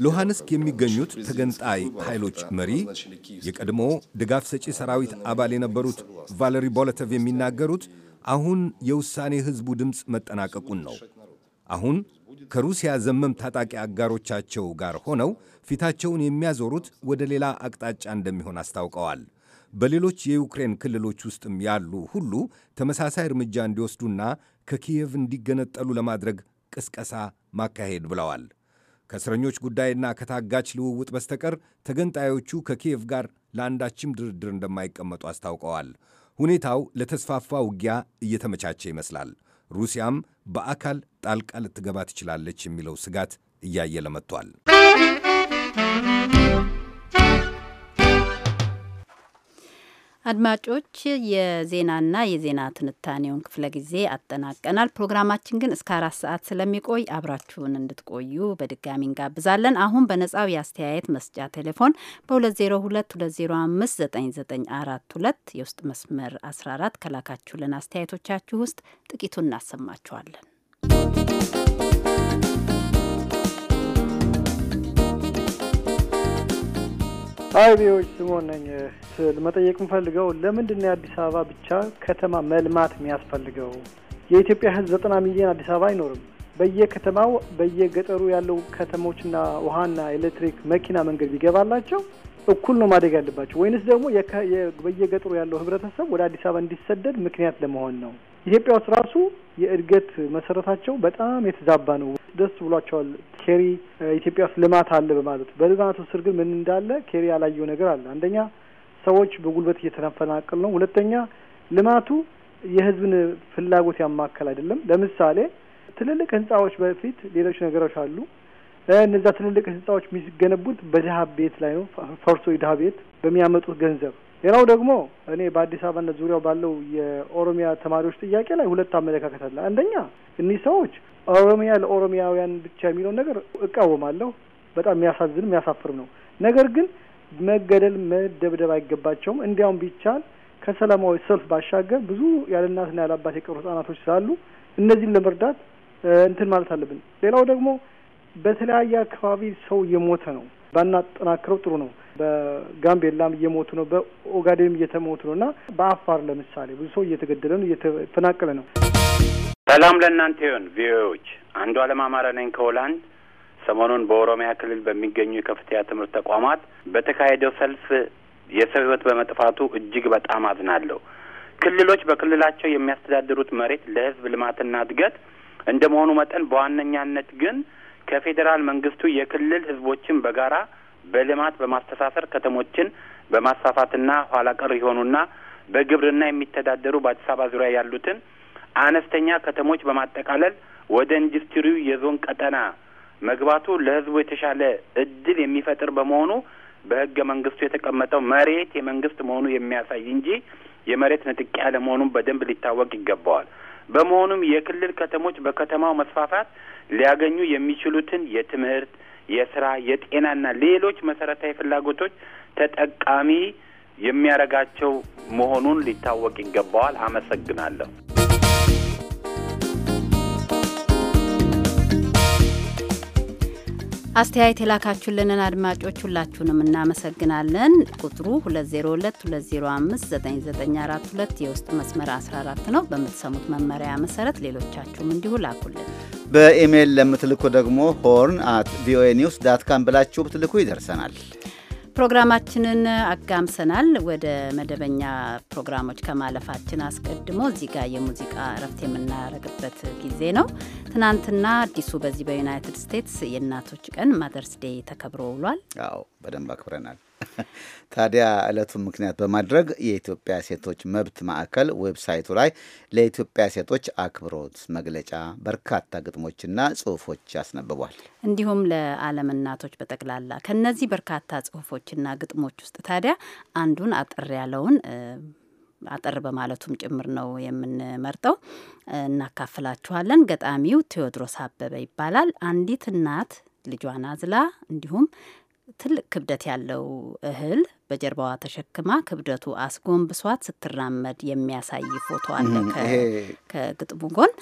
ሉሃንስክ የሚገኙት ተገንጣይ ኃይሎች መሪ የቀድሞ ድጋፍ ሰጪ ሰራዊት አባል የነበሩት ቫለሪ ቦለተቭ የሚናገሩት አሁን የውሳኔ ሕዝቡ ድምፅ መጠናቀቁን ነው። አሁን ከሩሲያ ዘመም ታጣቂ አጋሮቻቸው ጋር ሆነው ፊታቸውን የሚያዞሩት ወደ ሌላ አቅጣጫ እንደሚሆን አስታውቀዋል። በሌሎች የዩክሬን ክልሎች ውስጥም ያሉ ሁሉ ተመሳሳይ እርምጃ እንዲወስዱና ከኪየቭ እንዲገነጠሉ ለማድረግ ቅስቀሳ ማካሄድ ብለዋል። ከእስረኞች ጉዳይና ከታጋች ልውውጥ በስተቀር ተገንጣዮቹ ከኪየቭ ጋር ለአንዳችም ድርድር እንደማይቀመጡ አስታውቀዋል። ሁኔታው ለተስፋፋ ውጊያ እየተመቻቸ ይመስላል። ሩሲያም በአካል ጣልቃ ልትገባ ትችላለች የሚለው ስጋት እያየለ መጥቷል። አድማጮች የዜናና የዜና ትንታኔውን ክፍለ ጊዜ አጠናቀናል። ፕሮግራማችን ግን እስከ አራት ሰዓት ስለሚቆይ አብራችሁን እንድትቆዩ በድጋሚ እንጋብዛለን። አሁን በነጻው የአስተያየት መስጫ ቴሌፎን በ2022059942 የውስጥ መስመር 14 ከላካችሁልን አስተያየቶቻችሁ ውስጥ ጥቂቱን እናሰማችኋለን። አይ ቢዎች ስሞን ነኝ። መጠየቅ ምፈልገው ለምንድን ነው የአዲስ አበባ ብቻ ከተማ መልማት የሚያስፈልገው? የኢትዮጵያ ሕዝብ ዘጠና ሚሊዮን አዲስ አበባ አይኖርም። በየከተማው በየገጠሩ ያለው ከተሞችና ውሃና ኤሌክትሪክ መኪና መንገድ ቢገባላቸው እኩል ነው ማደግ ያለባቸው፣ ወይንስ ደግሞ በየገጠሩ ያለው ህብረተሰብ ወደ አዲስ አበባ እንዲሰደድ ምክንያት ለመሆን ነው? ኢትዮጵያ ውስጥ ራሱ የእድገት መሰረታቸው በጣም የተዛባ ነው። ደስ ብሏቸዋል። ኬሪ ኢትዮጵያ ውስጥ ልማት አለ በማለት በልማት ስር ግን ምን እንዳለ ኬሪ ያላየው ነገር አለ። አንደኛ ሰዎች በጉልበት እየተፈናቀሉ ነው። ሁለተኛ ልማቱ የህዝብን ፍላጎት ያማከል አይደለም። ለምሳሌ ትልልቅ ህንጻዎች በፊት ሌሎች ነገሮች አሉ። እነዛ ትልልቅ ህንጻዎች የሚገነቡት በድሀ ቤት ላይ ነው፣ ፈርሶ የድሀ ቤት በሚያመጡት ገንዘብ ሌላው ደግሞ እኔ በአዲስ አበባና ዙሪያው ባለው የኦሮሚያ ተማሪዎች ጥያቄ ላይ ሁለት አመለካከት አለ። አንደኛ እኒህ ሰዎች ኦሮሚያ ለኦሮሚያውያን ብቻ የሚለውን ነገር እቃወማለሁ። በጣም የሚያሳዝን የሚያሳፍርም ነው። ነገር ግን መገደል፣ መደብደብ አይገባቸውም። እንዲያውም ቢቻል ከሰላማዊ ሰልፍ ባሻገር ብዙ ያለእናትና ያለአባት የቀሩ ህጻናቶች ስላሉ እነዚህም ለመርዳት እንትን ማለት አለብን። ሌላው ደግሞ በተለያየ አካባቢ ሰው እየሞተ ነው። ባናጠናክረው ጥሩ ነው። በጋምቤላም እየሞቱ ነው፣ በኦጋዴንም እየተሞቱ ነው እና በአፋር ለምሳሌ ብዙ ሰው እየተገደለ ነው፣ እየተፈናቀለ ነው። ሰላም ለእናንተ ይሁን ቪኦኤዎች። አንዱ አለም አማረ ነኝ ከሆላንድ። ሰሞኑን በኦሮሚያ ክልል በሚገኙ የከፍተኛ ትምህርት ተቋማት በተካሄደው ሰልፍ የሰው ሕይወት በመጥፋቱ እጅግ በጣም አዝናለሁ። ክልሎች በክልላቸው የሚያስተዳድሩት መሬት ለሕዝብ ልማትና እድገት እንደ መሆኑ መጠን በዋነኛነት ግን ከፌዴራል መንግስቱ የክልል ሕዝቦችን በጋራ በልማት በማስተሳሰር ከተሞችን በማስፋፋትና ኋላ ቀር የሆኑና በግብርና የሚተዳደሩ በአዲስ አበባ ዙሪያ ያሉትን አነስተኛ ከተሞች በማጠቃለል ወደ ኢንዱስትሪው የዞን ቀጠና መግባቱ ለህዝቡ የተሻለ እድል የሚፈጥር በመሆኑ በህገ መንግስቱ የተቀመጠው መሬት የመንግስት መሆኑ የሚያሳይ እንጂ የመሬት ያለ መሆኑን በደንብ ሊታወቅ ይገባዋል። በመሆኑም የክልል ከተሞች በከተማው መስፋፋት ሊያገኙ የሚችሉትን የትምህርት የስራ፣ የጤናና ሌሎች መሰረታዊ ፍላጎቶች ተጠቃሚ የሚያደርጋቸው መሆኑን ሊታወቅ ይገባዋል። አመሰግናለሁ። አስተያየት የላካችሁልንን አድማጮች ሁላችሁንም እናመሰግናለን። ቁጥሩ 2022059942 የውስጥ መስመር 14 ነው። በምትሰሙት መመሪያ መሰረት ሌሎቻችሁም እንዲሁ ላኩልን። በኢሜይል ለምትልኩ ደግሞ ሆርን አት ቪኦኤ ኒውስ ዳት ካም ብላችሁ ብትልኩ ይደርሰናል። ፕሮግራማችንን አጋምሰናል። ወደ መደበኛ ፕሮግራሞች ከማለፋችን አስቀድሞ እዚህ ጋር የሙዚቃ እረፍት የምናረግበት ጊዜ ነው። ትናንትና አዲሱ በዚህ በዩናይትድ ስቴትስ የእናቶች ቀን ማደርስ ዴይ ተከብሮ ውሏል። አዎ በደንብ አክብረናል። ታዲያ ዕለቱን ምክንያት በማድረግ የኢትዮጵያ ሴቶች መብት ማዕከል ዌብሳይቱ ላይ ለኢትዮጵያ ሴቶች አክብሮት መግለጫ በርካታ ግጥሞችና ጽሁፎች ያስነብቧል። እንዲሁም ለዓለም እናቶች በጠቅላላ ከነዚህ በርካታ ጽሁፎችና ግጥሞች ውስጥ ታዲያ አንዱን አጠር ያለውን አጠር በማለቱም ጭምር ነው የምንመርጠው፣ እናካፍላችኋለን። ገጣሚው ቴዎድሮስ አበበ ይባላል። አንዲት እናት ልጇን አዝላ እንዲሁም ትልቅ ክብደት ያለው እህል በጀርባዋ ተሸክማ ክብደቱ አስጎንብሷት ስትራመድ የሚያሳይ ፎቶ አለ ከግጥሙ ጎን።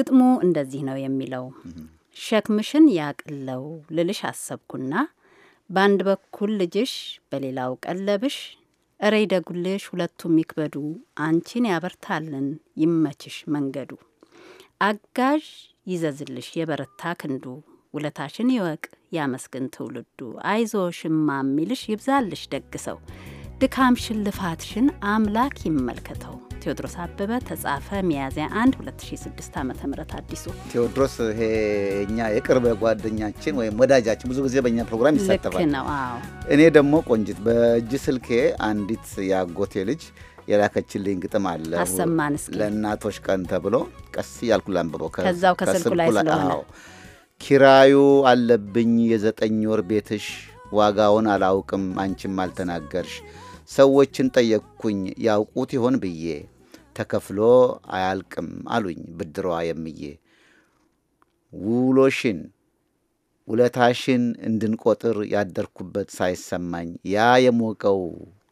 ግጥሙ እንደዚህ ነው የሚለው ሸክምሽን ያቅለው ልልሽ አሰብኩና በአንድ በኩል ልጅሽ በሌላው ቀለብሽ እረ ይደጉልሽ ሁለቱም ይክበዱ አንቺን ያበርታልን ይመችሽ መንገዱ አጋዥ ይዘዝልሽ የበረታ ክንዱ ውለታሽን ይወቅ ያመስግን ትውልዱ። አይዞሽማ የሚልሽ ይብዛልሽ ደግ ሰው ድካምሽን ልፋትሽን አምላክ ይመልከተው። ቴዎድሮስ አበበ ተጻፈ ሚያዝያ 1 2006 ዓ ም አዲሱ ቴዎድሮስ ይሄ እኛ የቅርብ ጓደኛችን ወይም ወዳጃችን ብዙ ጊዜ በእኛ ፕሮግራም ይሳተፋል ነው። እኔ ደግሞ ቆንጅት በእጅ ስልኬ አንዲት የአጎቴ ልጅ የላከችልኝ ግጥም አለ አሰማን እስኪ ለእናቶች ቀን ተብሎ ቀስ እያልኩ ላንብበው ከዛው ከስልኩ ላይ ስለሆነ ኪራዩ አለብኝ የዘጠኝ ወር ቤትሽ ዋጋውን አላውቅም፣ አንቺም አልተናገርሽ። ሰዎችን ጠየቅኩኝ ያውቁት ይሆን ብዬ ተከፍሎ አያልቅም አሉኝ ብድሯ የምዬ። ውሎሽን ውለታሽን እንድንቆጥር ያደርኩበት ሳይሰማኝ ያ የሞቀው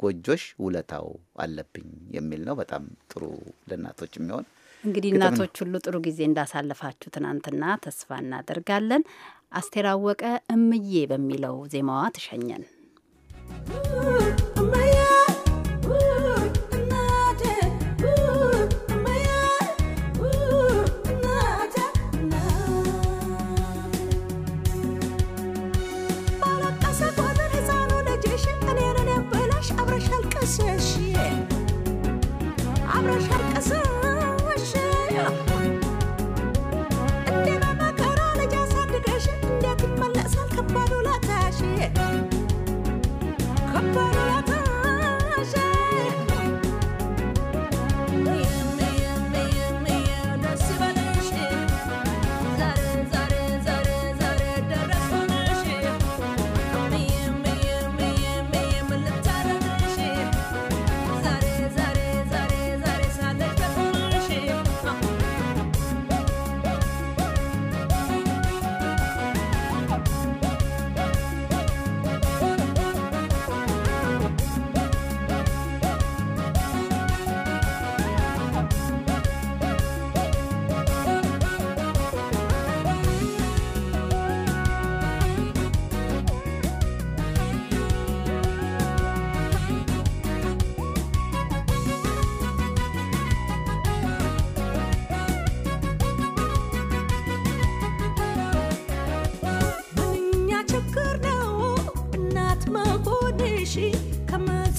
ጎጆሽ ውለታው አለብኝ የሚል ነው። በጣም ጥሩ ለእናቶች የሚሆን እንግዲህ እናቶች ሁሉ ጥሩ ጊዜ እንዳሳለፋችሁ ትናንትና ተስፋ እናደርጋለን። አስቴር አወቀ እምዬ በሚለው ዜማዋ ትሸኘን።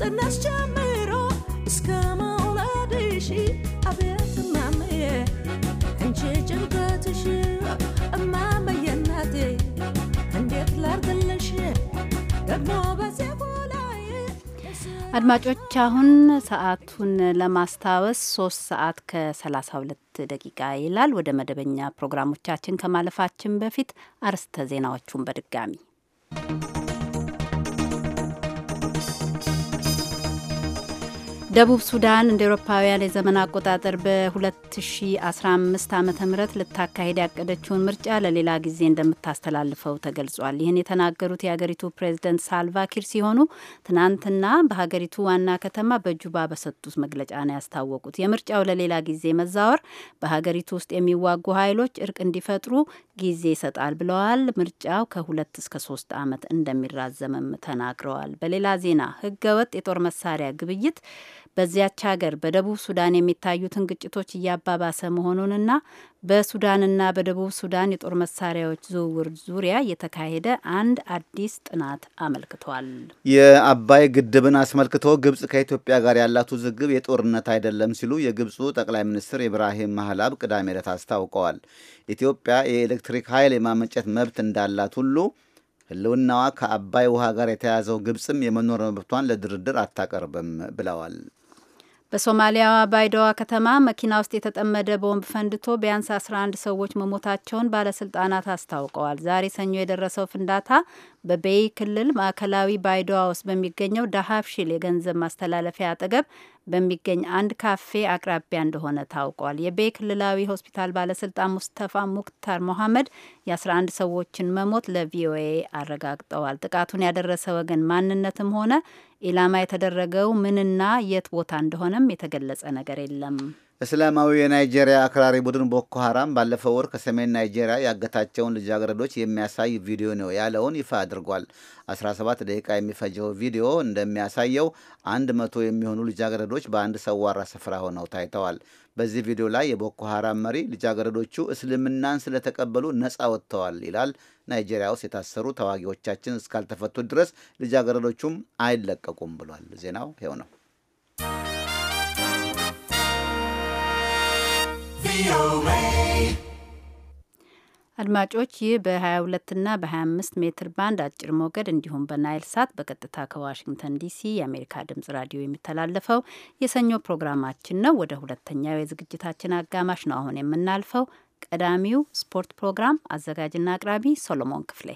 ጽናሽ ጀምሮ እስከ መውለድሽ አድማጮች አሁን ሰዓቱን ለማስታወስ ሶስት ሰዓት ከሰላሳ ሁለት ደቂቃ ይላል። ወደ መደበኛ ፕሮግራሞቻችን ከማለፋችን በፊት አርስተ ዜናዎቹን በድጋሚ ደቡብ ሱዳን እንደ ኤሮፓውያን የዘመን አቆጣጠር በ2015 ዓ ም ልታካሄድ ያቀደችውን ምርጫ ለሌላ ጊዜ እንደምታስተላልፈው ተገልጿል። ይህን የተናገሩት የሀገሪቱ ፕሬዚደንት ሳልቫኪር ሲሆኑ ትናንትና በሀገሪቱ ዋና ከተማ በጁባ በሰጡት መግለጫ ነው ያስታወቁት። የምርጫው ለሌላ ጊዜ መዛወር በሀገሪቱ ውስጥ የሚዋጉ ኃይሎች እርቅ እንዲፈጥሩ ጊዜ ይሰጣል ብለዋል። ምርጫው ከሁለት እስከ ሶስት ዓመት እንደሚራዘምም ተናግረዋል። በሌላ ዜና ህገወጥ የጦር መሳሪያ ግብይት በዚያች ሀገር በደቡብ ሱዳን የሚታዩትን ግጭቶች እያባባሰ መሆኑንና በሱዳንና በደቡብ ሱዳን የጦር መሳሪያዎች ዝውውር ዙሪያ የተካሄደ አንድ አዲስ ጥናት አመልክቷል። የአባይ ግድብን አስመልክቶ ግብጽ ከኢትዮጵያ ጋር ያላት ውዝግብ የጦርነት አይደለም ሲሉ የግብፁ ጠቅላይ ሚኒስትር ኢብራሂም ማህላብ ቅዳሜ ዕለት አስታውቀዋል። ኢትዮጵያ የኤሌክትሪክ ኃይል የማመንጨት መብት እንዳላት ሁሉ ህልውናዋ ከአባይ ውሃ ጋር የተያዘው ግብፅም የመኖር መብቷን ለድርድር አታቀርብም ብለዋል። በሶማሊያዋ ባይደዋ ከተማ መኪና ውስጥ የተጠመደ ቦምብ ፈንድቶ ቢያንስ 11 ሰዎች መሞታቸውን ባለስልጣናት አስታውቀዋል። ዛሬ ሰኞ የደረሰው ፍንዳታ በቤይ ክልል ማዕከላዊ ባይዶዋ ውስጥ በሚገኘው ዳሀብሺል የገንዘብ ማስተላለፊያ አጠገብ በሚገኝ አንድ ካፌ አቅራቢያ እንደሆነ ታውቋል። የቤይ ክልላዊ ሆስፒታል ባለስልጣን ሙስተፋ ሙክታር ሞሐመድ የ11 ሰዎችን መሞት ለቪኦኤ አረጋግጠዋል። ጥቃቱን ያደረሰ ወገን ማንነትም ሆነ ኢላማ የተደረገው ምንና የት ቦታ እንደሆነም የተገለጸ ነገር የለም። እስላማዊ የናይጄሪያ አክራሪ ቡድን ቦኮ ሀራም ባለፈው ወር ከሰሜን ናይጄሪያ ያገታቸውን ልጃገረዶች የሚያሳይ ቪዲዮ ነው ያለውን ይፋ አድርጓል። 17 ደቂቃ የሚፈጀው ቪዲዮ እንደሚያሳየው አንድ መቶ የሚሆኑ ልጃገረዶች በአንድ ሰዋራ ስፍራ ሆነው ታይተዋል። በዚህ ቪዲዮ ላይ የቦኮ ሀራም መሪ ልጃገረዶቹ እስልምናን ስለተቀበሉ ነፃ ወጥተዋል ይላል። ናይጄሪያ ውስጥ የታሰሩ ተዋጊዎቻችን እስካልተፈቱ ድረስ ልጃገረዶቹም አይለቀቁም ብሏል። ዜናው ይኸው ነው። አድማጮች ይህ በ22 እና በ25 ሜትር ባንድ አጭር ሞገድ እንዲሁም በናይል ሳት በቀጥታ ከዋሽንግተን ዲሲ የአሜሪካ ድምጽ ራዲዮ የሚተላለፈው የሰኞ ፕሮግራማችን ነው። ወደ ሁለተኛው የዝግጅታችን አጋማሽ ነው አሁን የምናልፈው። ቀዳሚው ስፖርት ፕሮግራም አዘጋጅና አቅራቢ ሶሎሞን ክፍሌ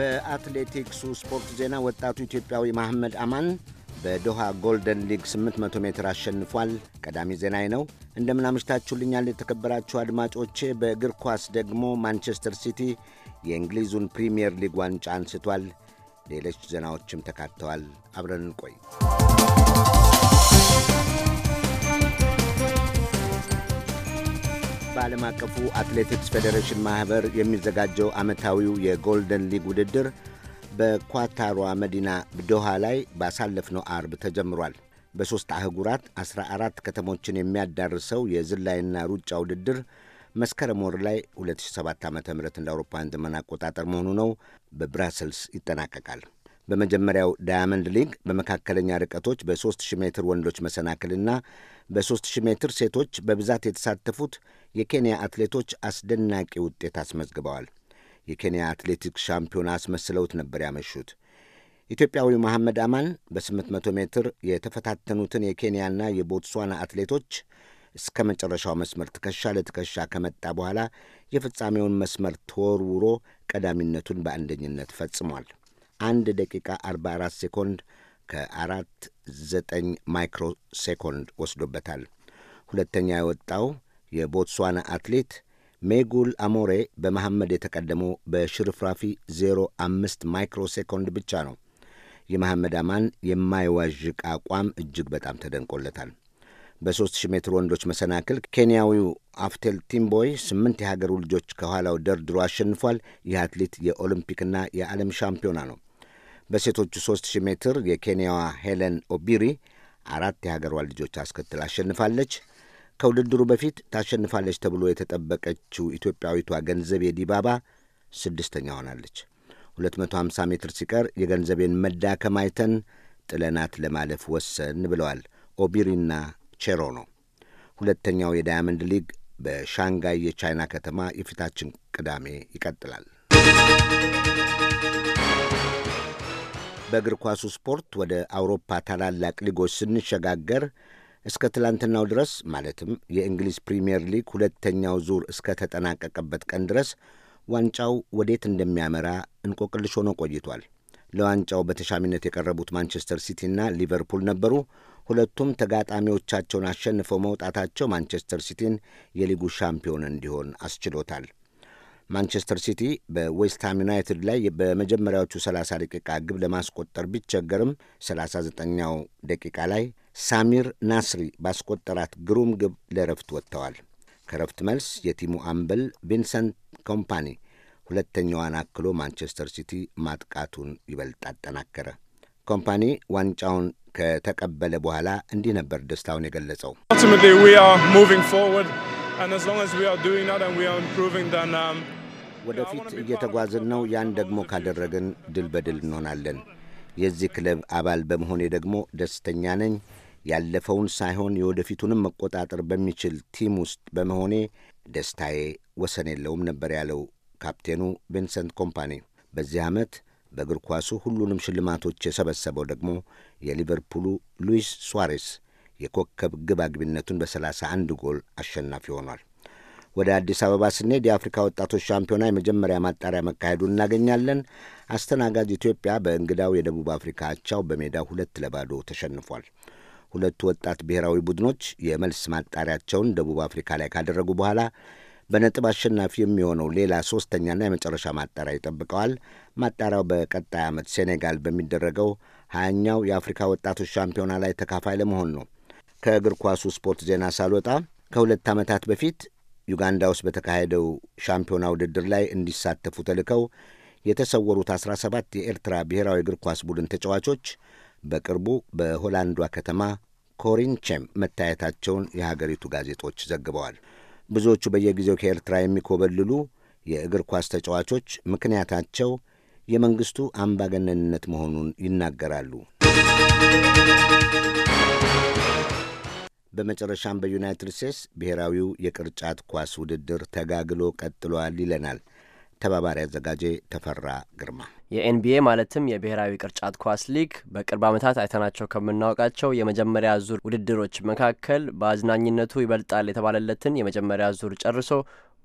በአትሌቲክሱ ስፖርት ዜና ወጣቱ ኢትዮጵያዊ መሐመድ አማን በዶሃ ጎልደን ሊግ 800 ሜትር አሸንፏል። ቀዳሚ ዜናዬ ነው። እንደምናምሽታችሁልኛል የተከበራችሁ አድማጮቼ። በእግር ኳስ ደግሞ ማንቸስተር ሲቲ የእንግሊዙን ፕሪምየር ሊግ ዋንጫ አንስቷል። ሌሎች ዜናዎችም ተካተዋል። አብረን እንቆይ። በዓለም አቀፉ አትሌቲክስ ፌዴሬሽን ማኅበር የሚዘጋጀው ዓመታዊው የጎልደን ሊግ ውድድር በኳታሯ መዲና ብዶሃ ላይ ባሳለፍነው አርብ ተጀምሯል። በሦስት አህጉራት 14 ከተሞችን የሚያዳርሰው የዝላይና ሩጫ ውድድር መስከረም ወር ላይ 2007 ዓ ም እንደ አውሮፓውያን ዘመን አቆጣጠር መሆኑ ነው፣ በብራሰልስ ይጠናቀቃል። በመጀመሪያው ዳያመንድ ሊግ በመካከለኛ ርቀቶች በ3000 ሜትር ወንዶች መሰናክልና በ3000 ሜትር ሴቶች በብዛት የተሳተፉት የኬንያ አትሌቶች አስደናቂ ውጤት አስመዝግበዋል። የኬንያ አትሌቲክስ ሻምፒዮና አስመስለውት ነበር ያመሹት። ኢትዮጵያዊው መሐመድ አማን በ800 ሜትር የተፈታተኑትን የኬንያና የቦትስዋና አትሌቶች እስከ መጨረሻው መስመር ትከሻ ለትከሻ ከመጣ በኋላ የፍጻሜውን መስመር ተወርውሮ ቀዳሚነቱን በአንደኝነት ፈጽሟል። አንድ ደቂቃ 44 ሴኮንድ ከአራት ዘጠኝ ማይክሮ ሴኮንድ ወስዶበታል። ሁለተኛ የወጣው የቦትስዋና አትሌት ሜጉል አሞሬ በመሐመድ የተቀደመው በሽርፍራፊ 05 ማይክሮ ሴኮንድ ብቻ ነው። የመሐመድ አማን የማይዋዥቅ አቋም እጅግ በጣም ተደንቆለታል። በ3000 ሜትር ወንዶች መሰናክል ኬንያዊው አፍቴል ቲምቦይ ስምንት የሀገሩ ልጆች ከኋላው ደርድሮ አሸንፏል። ይህ አትሌት የኦሎምፒክና የዓለም ሻምፒዮና ነው። በሴቶቹ 3000 ሜትር የኬንያዋ ሄለን ኦቢሪ አራት የሀገሯ ልጆች አስከትል አሸንፋለች። ከውድድሩ በፊት ታሸንፋለች ተብሎ የተጠበቀችው ኢትዮጵያዊቷ ገንዘቤ ዲባባ ስድስተኛ ሆናለች። 250 ሜትር ሲቀር የገንዘቤን መዳከም አይተን ጥለናት ለማለፍ ወሰን ብለዋል ኦቢሪና ነው። ሁለተኛው የዳያመንድ ሊግ በሻንጋይ የቻይና ከተማ የፊታችን ቅዳሜ ይቀጥላል። በእግር ኳሱ ስፖርት ወደ አውሮፓ ታላላቅ ሊጎች ስንሸጋገር እስከ ትላንትናው ድረስ ማለትም የእንግሊዝ ፕሪምየር ሊግ ሁለተኛው ዙር እስከ ተጠናቀቀበት ቀን ድረስ ዋንጫው ወዴት እንደሚያመራ እንቆቅልሽ ሆኖ ቆይቷል። ለዋንጫው በተሻሚነት የቀረቡት ማንቸስተር ሲቲና ሊቨርፑል ነበሩ። ሁለቱም ተጋጣሚዎቻቸውን አሸንፈው መውጣታቸው ማንቸስተር ሲቲን የሊጉ ሻምፒዮን እንዲሆን አስችሎታል። ማንቸስተር ሲቲ በዌስትሃም ዩናይትድ ላይ በመጀመሪያዎቹ 30 ደቂቃ ግብ ለማስቆጠር ቢቸገርም 39ኛው ደቂቃ ላይ ሳሚር ናስሪ ባስቆጠራት ግሩም ግብ ለረፍት ወጥተዋል። ከረፍት መልስ የቲሙ አምበል ቪንሰንት ኮምፓኒ ሁለተኛዋን አክሎ ማንቸስተር ሲቲ ማጥቃቱን ይበልጥ አጠናከረ። ኮምፓኒ ዋንጫውን ከተቀበለ በኋላ እንዲህ ነበር ደስታውን የገለጸው። and as long as we are doing that and we are improving then um ወደፊት እየተጓዝን ነው። ያን ደግሞ ካደረግን ድል በድል እንሆናለን። የዚህ ክለብ አባል በመሆኔ ደግሞ ደስተኛ ነኝ። ያለፈውን ሳይሆን የወደፊቱንም መቆጣጠር በሚችል ቲም ውስጥ በመሆኔ ደስታዬ ወሰን የለውም ነበር ያለው ካፕቴኑ ቪንሰንት ኮምፓኒ። በዚህ ዓመት በእግር ኳሱ ሁሉንም ሽልማቶች የሰበሰበው ደግሞ የሊቨርፑሉ ሉዊስ ሱዋሬስ የኮከብ ግብ አግቢነቱን በ31 ጎል አሸናፊ ሆኗል። ወደ አዲስ አበባ ስንሄድ የአፍሪካ ወጣቶች ሻምፒዮና የመጀመሪያ ማጣሪያ መካሄዱን እናገኛለን። አስተናጋጅ ኢትዮጵያ በእንግዳው የደቡብ አፍሪካ አቻው በሜዳ ሁለት ለባዶ ተሸንፏል። ሁለቱ ወጣት ብሔራዊ ቡድኖች የመልስ ማጣሪያቸውን ደቡብ አፍሪካ ላይ ካደረጉ በኋላ በነጥብ አሸናፊ የሚሆነው ሌላ ሶስተኛና የመጨረሻ ማጣሪያ ይጠብቀዋል። ማጣሪያው በቀጣይ ዓመት ሴኔጋል በሚደረገው ሀያኛው የአፍሪካ ወጣቶች ሻምፒዮና ላይ ተካፋይ ለመሆን ነው። ከእግር ኳሱ ስፖርት ዜና ሳልወጣ ከሁለት ዓመታት በፊት ዩጋንዳ ውስጥ በተካሄደው ሻምፒዮና ውድድር ላይ እንዲሳተፉ ተልከው የተሰወሩት 17 የኤርትራ ብሔራዊ እግር ኳስ ቡድን ተጫዋቾች በቅርቡ በሆላንዷ ከተማ ኮሪንቼም መታየታቸውን የሀገሪቱ ጋዜጦች ዘግበዋል። ብዙዎቹ በየጊዜው ከኤርትራ የሚኮበልሉ የእግር ኳስ ተጫዋቾች ምክንያታቸው የመንግሥቱ አምባገነንነት መሆኑን ይናገራሉ። በመጨረሻም በዩናይትድ ስቴትስ ብሔራዊው የቅርጫት ኳስ ውድድር ተጋግሎ ቀጥሏል ይለናል ተባባሪ አዘጋጄ ተፈራ ግርማ። የኤንቢኤ ማለትም የብሔራዊ ቅርጫት ኳስ ሊግ በቅርብ ዓመታት አይተናቸው ከምናውቃቸው የመጀመሪያ ዙር ውድድሮች መካከል በአዝናኝነቱ ይበልጣል የተባለለትን የመጀመሪያ ዙር ጨርሶ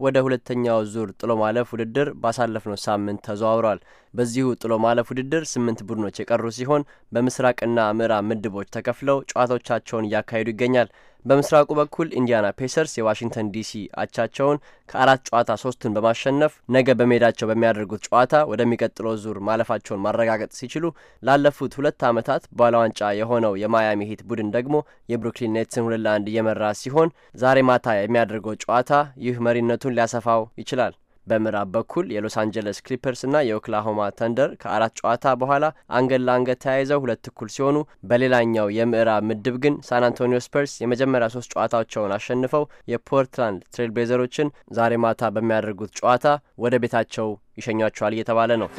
ወደ ሁለተኛው ዙር ጥሎ ማለፍ ውድድር ባሳለፍነው ሳምንት ተዘዋውሯል። በዚሁ ጥሎ ማለፍ ውድድር ስምንት ቡድኖች የቀሩ ሲሆን በምስራቅና ምዕራብ ምድቦች ተከፍለው ጨዋታዎቻቸውን እያካሄዱ ይገኛል። በምስራቁ በኩል ኢንዲያና ፔሰርስ የዋሽንግተን ዲሲ አቻቸውን ከአራት ጨዋታ ሶስቱን በማሸነፍ ነገ በሜዳቸው በሚያደርጉት ጨዋታ ወደሚቀጥለው ዙር ማለፋቸውን ማረጋገጥ ሲችሉ ላለፉት ሁለት ዓመታት ዋንጫ የሆነው የማያሚ ሂት ቡድን ደግሞ የብሩክሊን ኔትስን ሁለት ለአንድ እየመራ ሲሆን ዛሬ ማታ የሚያደርገው ጨዋታ ይህ መሪነቱን ሊያሰፋው ይችላል። በምዕራብ በኩል የሎስ አንጀለስ ና የኦክላሆማ ተንደር ከአራት ጨዋታ በኋላ አንገት ለአንገት ተያይዘው ሁለት እኩል ሲሆኑ በሌላኛው የምዕራብ ምድብ ግን ሳን አንቶኒዮ ስፐርስ የመጀመሪያ ሶስት ጨዋታቸውን አሸንፈው የፖርትላንድ ትሬል ብሌዘሮችን ዛሬ ማታ በሚያደርጉት ጨዋታ ወደ ቤታቸው ይሸኟቸዋል እየተባለ ነው።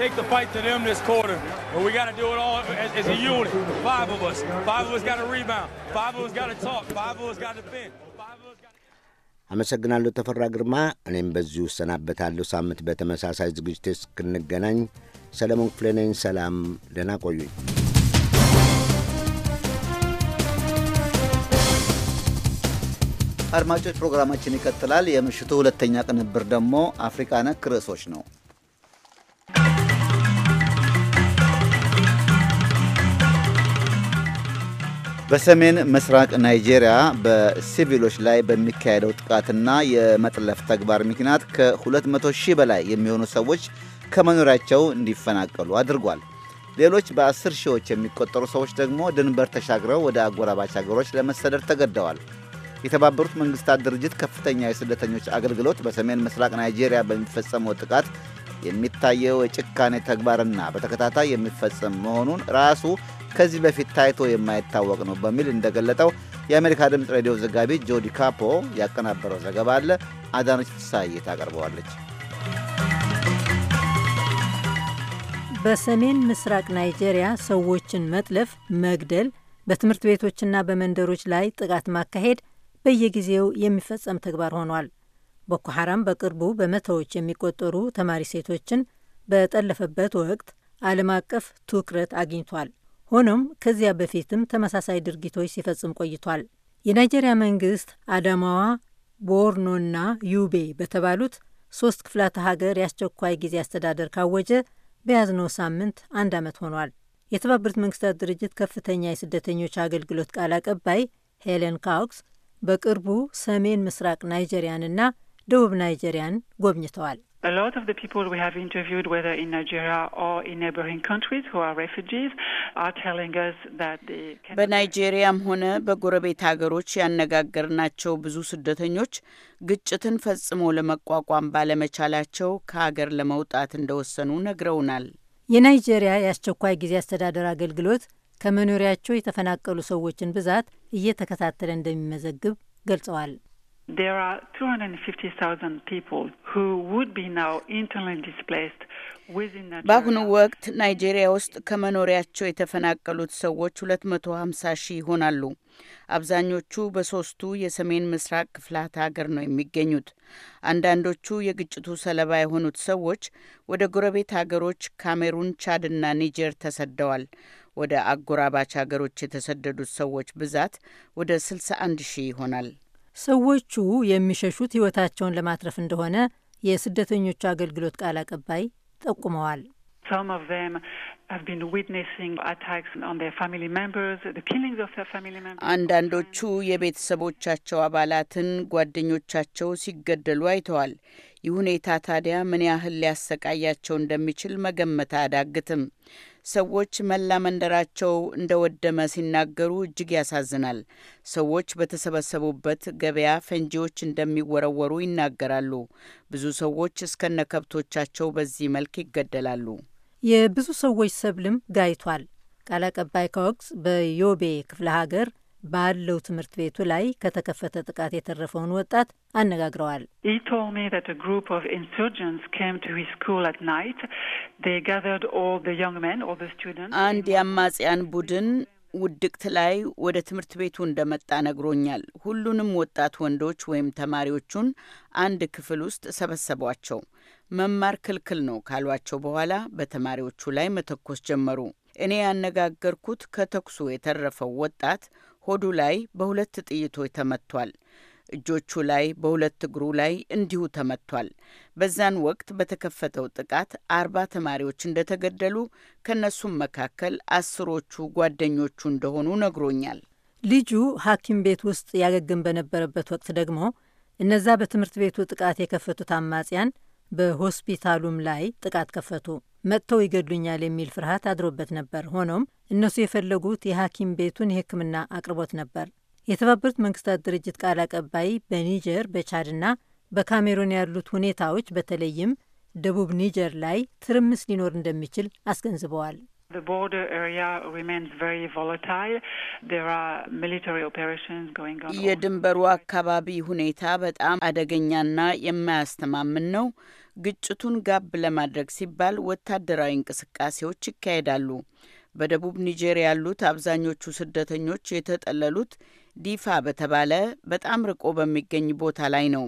አመሰግናለሁ ተፈራ ግርማ። እኔም በዚሁ እሰናበታለሁ። ሳምንት በተመሳሳይ ዝግጅት እስክንገናኝ ሰለሞን ክፍሌ ነኝ። ሰላም፣ ደህና ቆዩኝ። አድማጮች፣ ፕሮግራማችን ይቀጥላል። የምሽቱ ሁለተኛ ቅንብር ደግሞ አፍሪካ ነክ ርዕሶች ነው። በሰሜን ምስራቅ ናይጄሪያ በሲቪሎች ላይ በሚካሄደው ጥቃትና የመጥለፍ ተግባር ምክንያት ከ200 ሺህ በላይ የሚሆኑ ሰዎች ከመኖሪያቸው እንዲፈናቀሉ አድርጓል። ሌሎች በአስር ሺዎች የሚቆጠሩ ሰዎች ደግሞ ድንበር ተሻግረው ወደ አጎራባች ሀገሮች ለመሰደድ ተገደዋል። የተባበሩት መንግስታት ድርጅት ከፍተኛ የስደተኞች አገልግሎት በሰሜን ምስራቅ ናይጄሪያ በሚፈጸመው ጥቃት የሚታየው የጭካኔ ተግባርና በተከታታይ የሚፈጸም መሆኑን ራሱ ከዚህ በፊት ታይቶ የማይታወቅ ነው በሚል እንደገለጠው የአሜሪካ ድምፅ ሬዲዮ ዘጋቢ ጆዲ ካፖ ያቀናበረው ዘገባ አለ። አዳነች ፍስሐዬ ታቀርበዋለች። በሰሜን ምስራቅ ናይጄሪያ ሰዎችን መጥለፍ፣ መግደል፣ በትምህርት ቤቶችና በመንደሮች ላይ ጥቃት ማካሄድ በየጊዜው የሚፈጸም ተግባር ሆኗል። ቦኮ ሐራም በቅርቡ በመቶዎች የሚቆጠሩ ተማሪ ሴቶችን በጠለፈበት ወቅት ዓለም አቀፍ ትኩረት አግኝቷል። ሆኖም ከዚያ በፊትም ተመሳሳይ ድርጊቶች ሲፈጽም ቆይቷል። የናይጄሪያ መንግስት አዳማዋ፣ ቦርኖና ዩቤ በተባሉት ሶስት ክፍላተ ሀገር የአስቸኳይ ጊዜ አስተዳደር ካወጀ በያዝነው ሳምንት አንድ ዓመት ሆኗል። የተባበሩት መንግስታት ድርጅት ከፍተኛ የስደተኞች አገልግሎት ቃል አቀባይ ሄለን ካውክስ በቅርቡ ሰሜን ምስራቅ ናይጄሪያንና ደቡብ ናይጄሪያን ጎብኝተዋል። A lot of the people we have interviewed, whether in Nigeria or in neighboring countries who are refugees, are telling us that they can... በናይጄሪያም ሆነ በጎረቤት ሀገሮች ያነጋገርናቸው ብዙ ስደተኞች ግጭትን ፈጽሞ ለመቋቋም ባለመቻላቸው ከሀገር ለመውጣት እንደወሰኑ ነግረውናል። የናይጄሪያ የአስቸኳይ ጊዜ አስተዳደር አገልግሎት ከመኖሪያቸው የተፈናቀሉ ሰዎችን ብዛት እየተከታተለ እንደሚመዘግብ ገልጸዋል። there are 250,000 people who would be now internally displaced within Nigeria. በአሁኑ ወቅት ናይጄሪያ ውስጥ ከመኖሪያቸው የተፈናቀሉት ሰዎች 250 ሺህ ይሆናሉ። አብዛኞቹ በሶስቱ የሰሜን ምስራቅ ክፍላት ሀገር ነው የሚገኙት። አንዳንዶቹ የግጭቱ ሰለባ የሆኑት ሰዎች ወደ ጎረቤት ሀገሮች ካሜሩን፣ ቻድና ኒጀር ተሰደዋል። ወደ አጎራባች ሀገሮች የተሰደዱት ሰዎች ብዛት ወደ 61 ሺህ ይሆናል። ሰዎቹ የሚሸሹት ሕይወታቸውን ለማትረፍ እንደሆነ የስደተኞቹ አገልግሎት ቃል አቀባይ ጠቁመዋል። አንዳንዶቹ የቤተሰቦቻቸው አባላትን፣ ጓደኞቻቸው ሲገደሉ አይተዋል። ይህ ሁኔታ ታዲያ ምን ያህል ሊያሰቃያቸው እንደሚችል መገመት አያዳግትም። ሰዎች መላ መንደራቸው እንደወደመ ሲናገሩ እጅግ ያሳዝናል። ሰዎች በተሰበሰቡበት ገበያ ፈንጂዎች እንደሚወረወሩ ይናገራሉ። ብዙ ሰዎች እስከነ ከብቶቻቸው በዚህ መልክ ይገደላሉ። የብዙ ሰዎች ሰብልም ጋይቷል። ቃል አቀባይ ከወቅስ በዮቤ ክፍለ ሀገር ባለው ትምህርት ቤቱ ላይ ከተከፈተ ጥቃት የተረፈውን ወጣት አነጋግረዋል። አንድ የአማጽያን ቡድን ውድቅት ላይ ወደ ትምህርት ቤቱ እንደመጣ ነግሮኛል። ሁሉንም ወጣት ወንዶች ወይም ተማሪዎቹን አንድ ክፍል ውስጥ ሰበሰቧቸው። መማር ክልክል ነው ካሏቸው በኋላ በተማሪዎቹ ላይ መተኮስ ጀመሩ። እኔ ያነጋገርኩት ከተኩሱ የተረፈው ወጣት ሆዱ ላይ በሁለት ጥይቶች ተመቷል። እጆቹ ላይ በሁለት እግሩ ላይ እንዲሁ ተመቷል። በዛን ወቅት በተከፈተው ጥቃት አርባ ተማሪዎች እንደተገደሉ ከእነሱም መካከል አስሮቹ ጓደኞቹ እንደሆኑ ነግሮኛል። ልጁ ሐኪም ቤት ውስጥ ያገግም በነበረበት ወቅት ደግሞ እነዛ በትምህርት ቤቱ ጥቃት የከፈቱት አማጽያን በሆስፒታሉም ላይ ጥቃት ከፈቱ። መጥተው ይገድሉኛል የሚል ፍርሃት አድሮበት ነበር። ሆኖም እነሱ የፈለጉት የሐኪም ቤቱን የሕክምና አቅርቦት ነበር። የተባበሩት መንግስታት ድርጅት ቃል አቀባይ በኒጀር በቻድና በካሜሩን ያሉት ሁኔታዎች በተለይም ደቡብ ኒጀር ላይ ትርምስ ሊኖር እንደሚችል አስገንዝበዋል። The border area remains very volatile. There are military operations going on. የድንበሩ አካባቢ ሁኔታ በጣም አደገኛና የማያስተማምን ነው። ግጭቱን ጋብ ለማድረግ ሲባል ወታደራዊ እንቅስቃሴዎች ይካሄዳሉ። በደቡብ ኒጀር ያሉት አብዛኞቹ ስደተኞች የተጠለሉት ዲፋ በተባለ በጣም ርቆ በሚገኝ ቦታ ላይ ነው።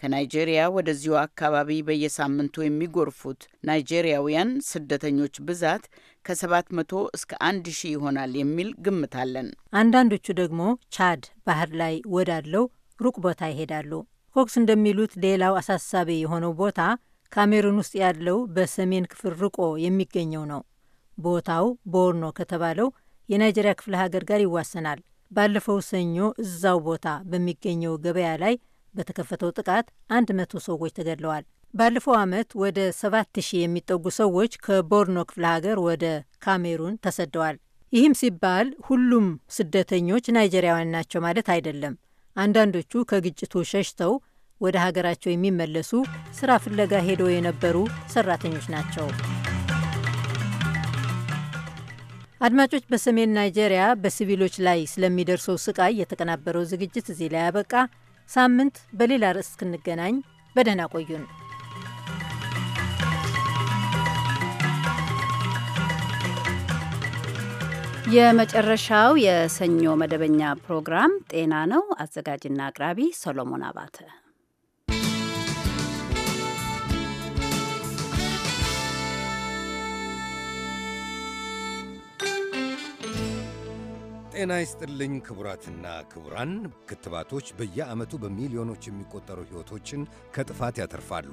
ከናይጄሪያ ወደዚሁ አካባቢ በየሳምንቱ የሚጎርፉት ናይጄሪያውያን ስደተኞች ብዛት ከ700 እስከ 1000 ይሆናል የሚል ግምት አለን። አንዳንዶቹ ደግሞ ቻድ ባህር ላይ ወዳለው ሩቅ ቦታ ይሄዳሉ። ኮክስ እንደሚሉት ሌላው አሳሳቢ የሆነው ቦታ ካሜሩን ውስጥ ያለው በሰሜን ክፍል ርቆ የሚገኘው ነው። ቦታው ቦርኖ ከተባለው የናይጄሪያ ክፍለ ሀገር ጋር ይዋሰናል። ባለፈው ሰኞ እዛው ቦታ በሚገኘው ገበያ ላይ በተከፈተው ጥቃት አንድ መቶ ሰዎች ተገድለዋል። ባለፈው ዓመት ወደ 7000 የሚጠጉ ሰዎች ከቦርኖ ክፍለ ሀገር ወደ ካሜሩን ተሰደዋል። ይህም ሲባል ሁሉም ስደተኞች ናይጀሪያውያን ናቸው ማለት አይደለም። አንዳንዶቹ ከግጭቱ ሸሽተው ወደ ሀገራቸው የሚመለሱ ስራ ፍለጋ ሄደው የነበሩ ሰራተኞች ናቸው። አድማጮች፣ በሰሜን ናይጄሪያ በሲቪሎች ላይ ስለሚደርሰው ስቃይ የተቀናበረው ዝግጅት እዚህ ላይ ያበቃ። ሳምንት በሌላ ርዕስ እስክንገናኝ በደህና ቆዩን። የመጨረሻው የሰኞ መደበኛ ፕሮግራም ጤና ነው። አዘጋጅና አቅራቢ ሰሎሞን አባተ ጤና ይስጥልኝ ክቡራትና ክቡራን። ክትባቶች በየዓመቱ በሚሊዮኖች የሚቆጠሩ ሕይወቶችን ከጥፋት ያተርፋሉ።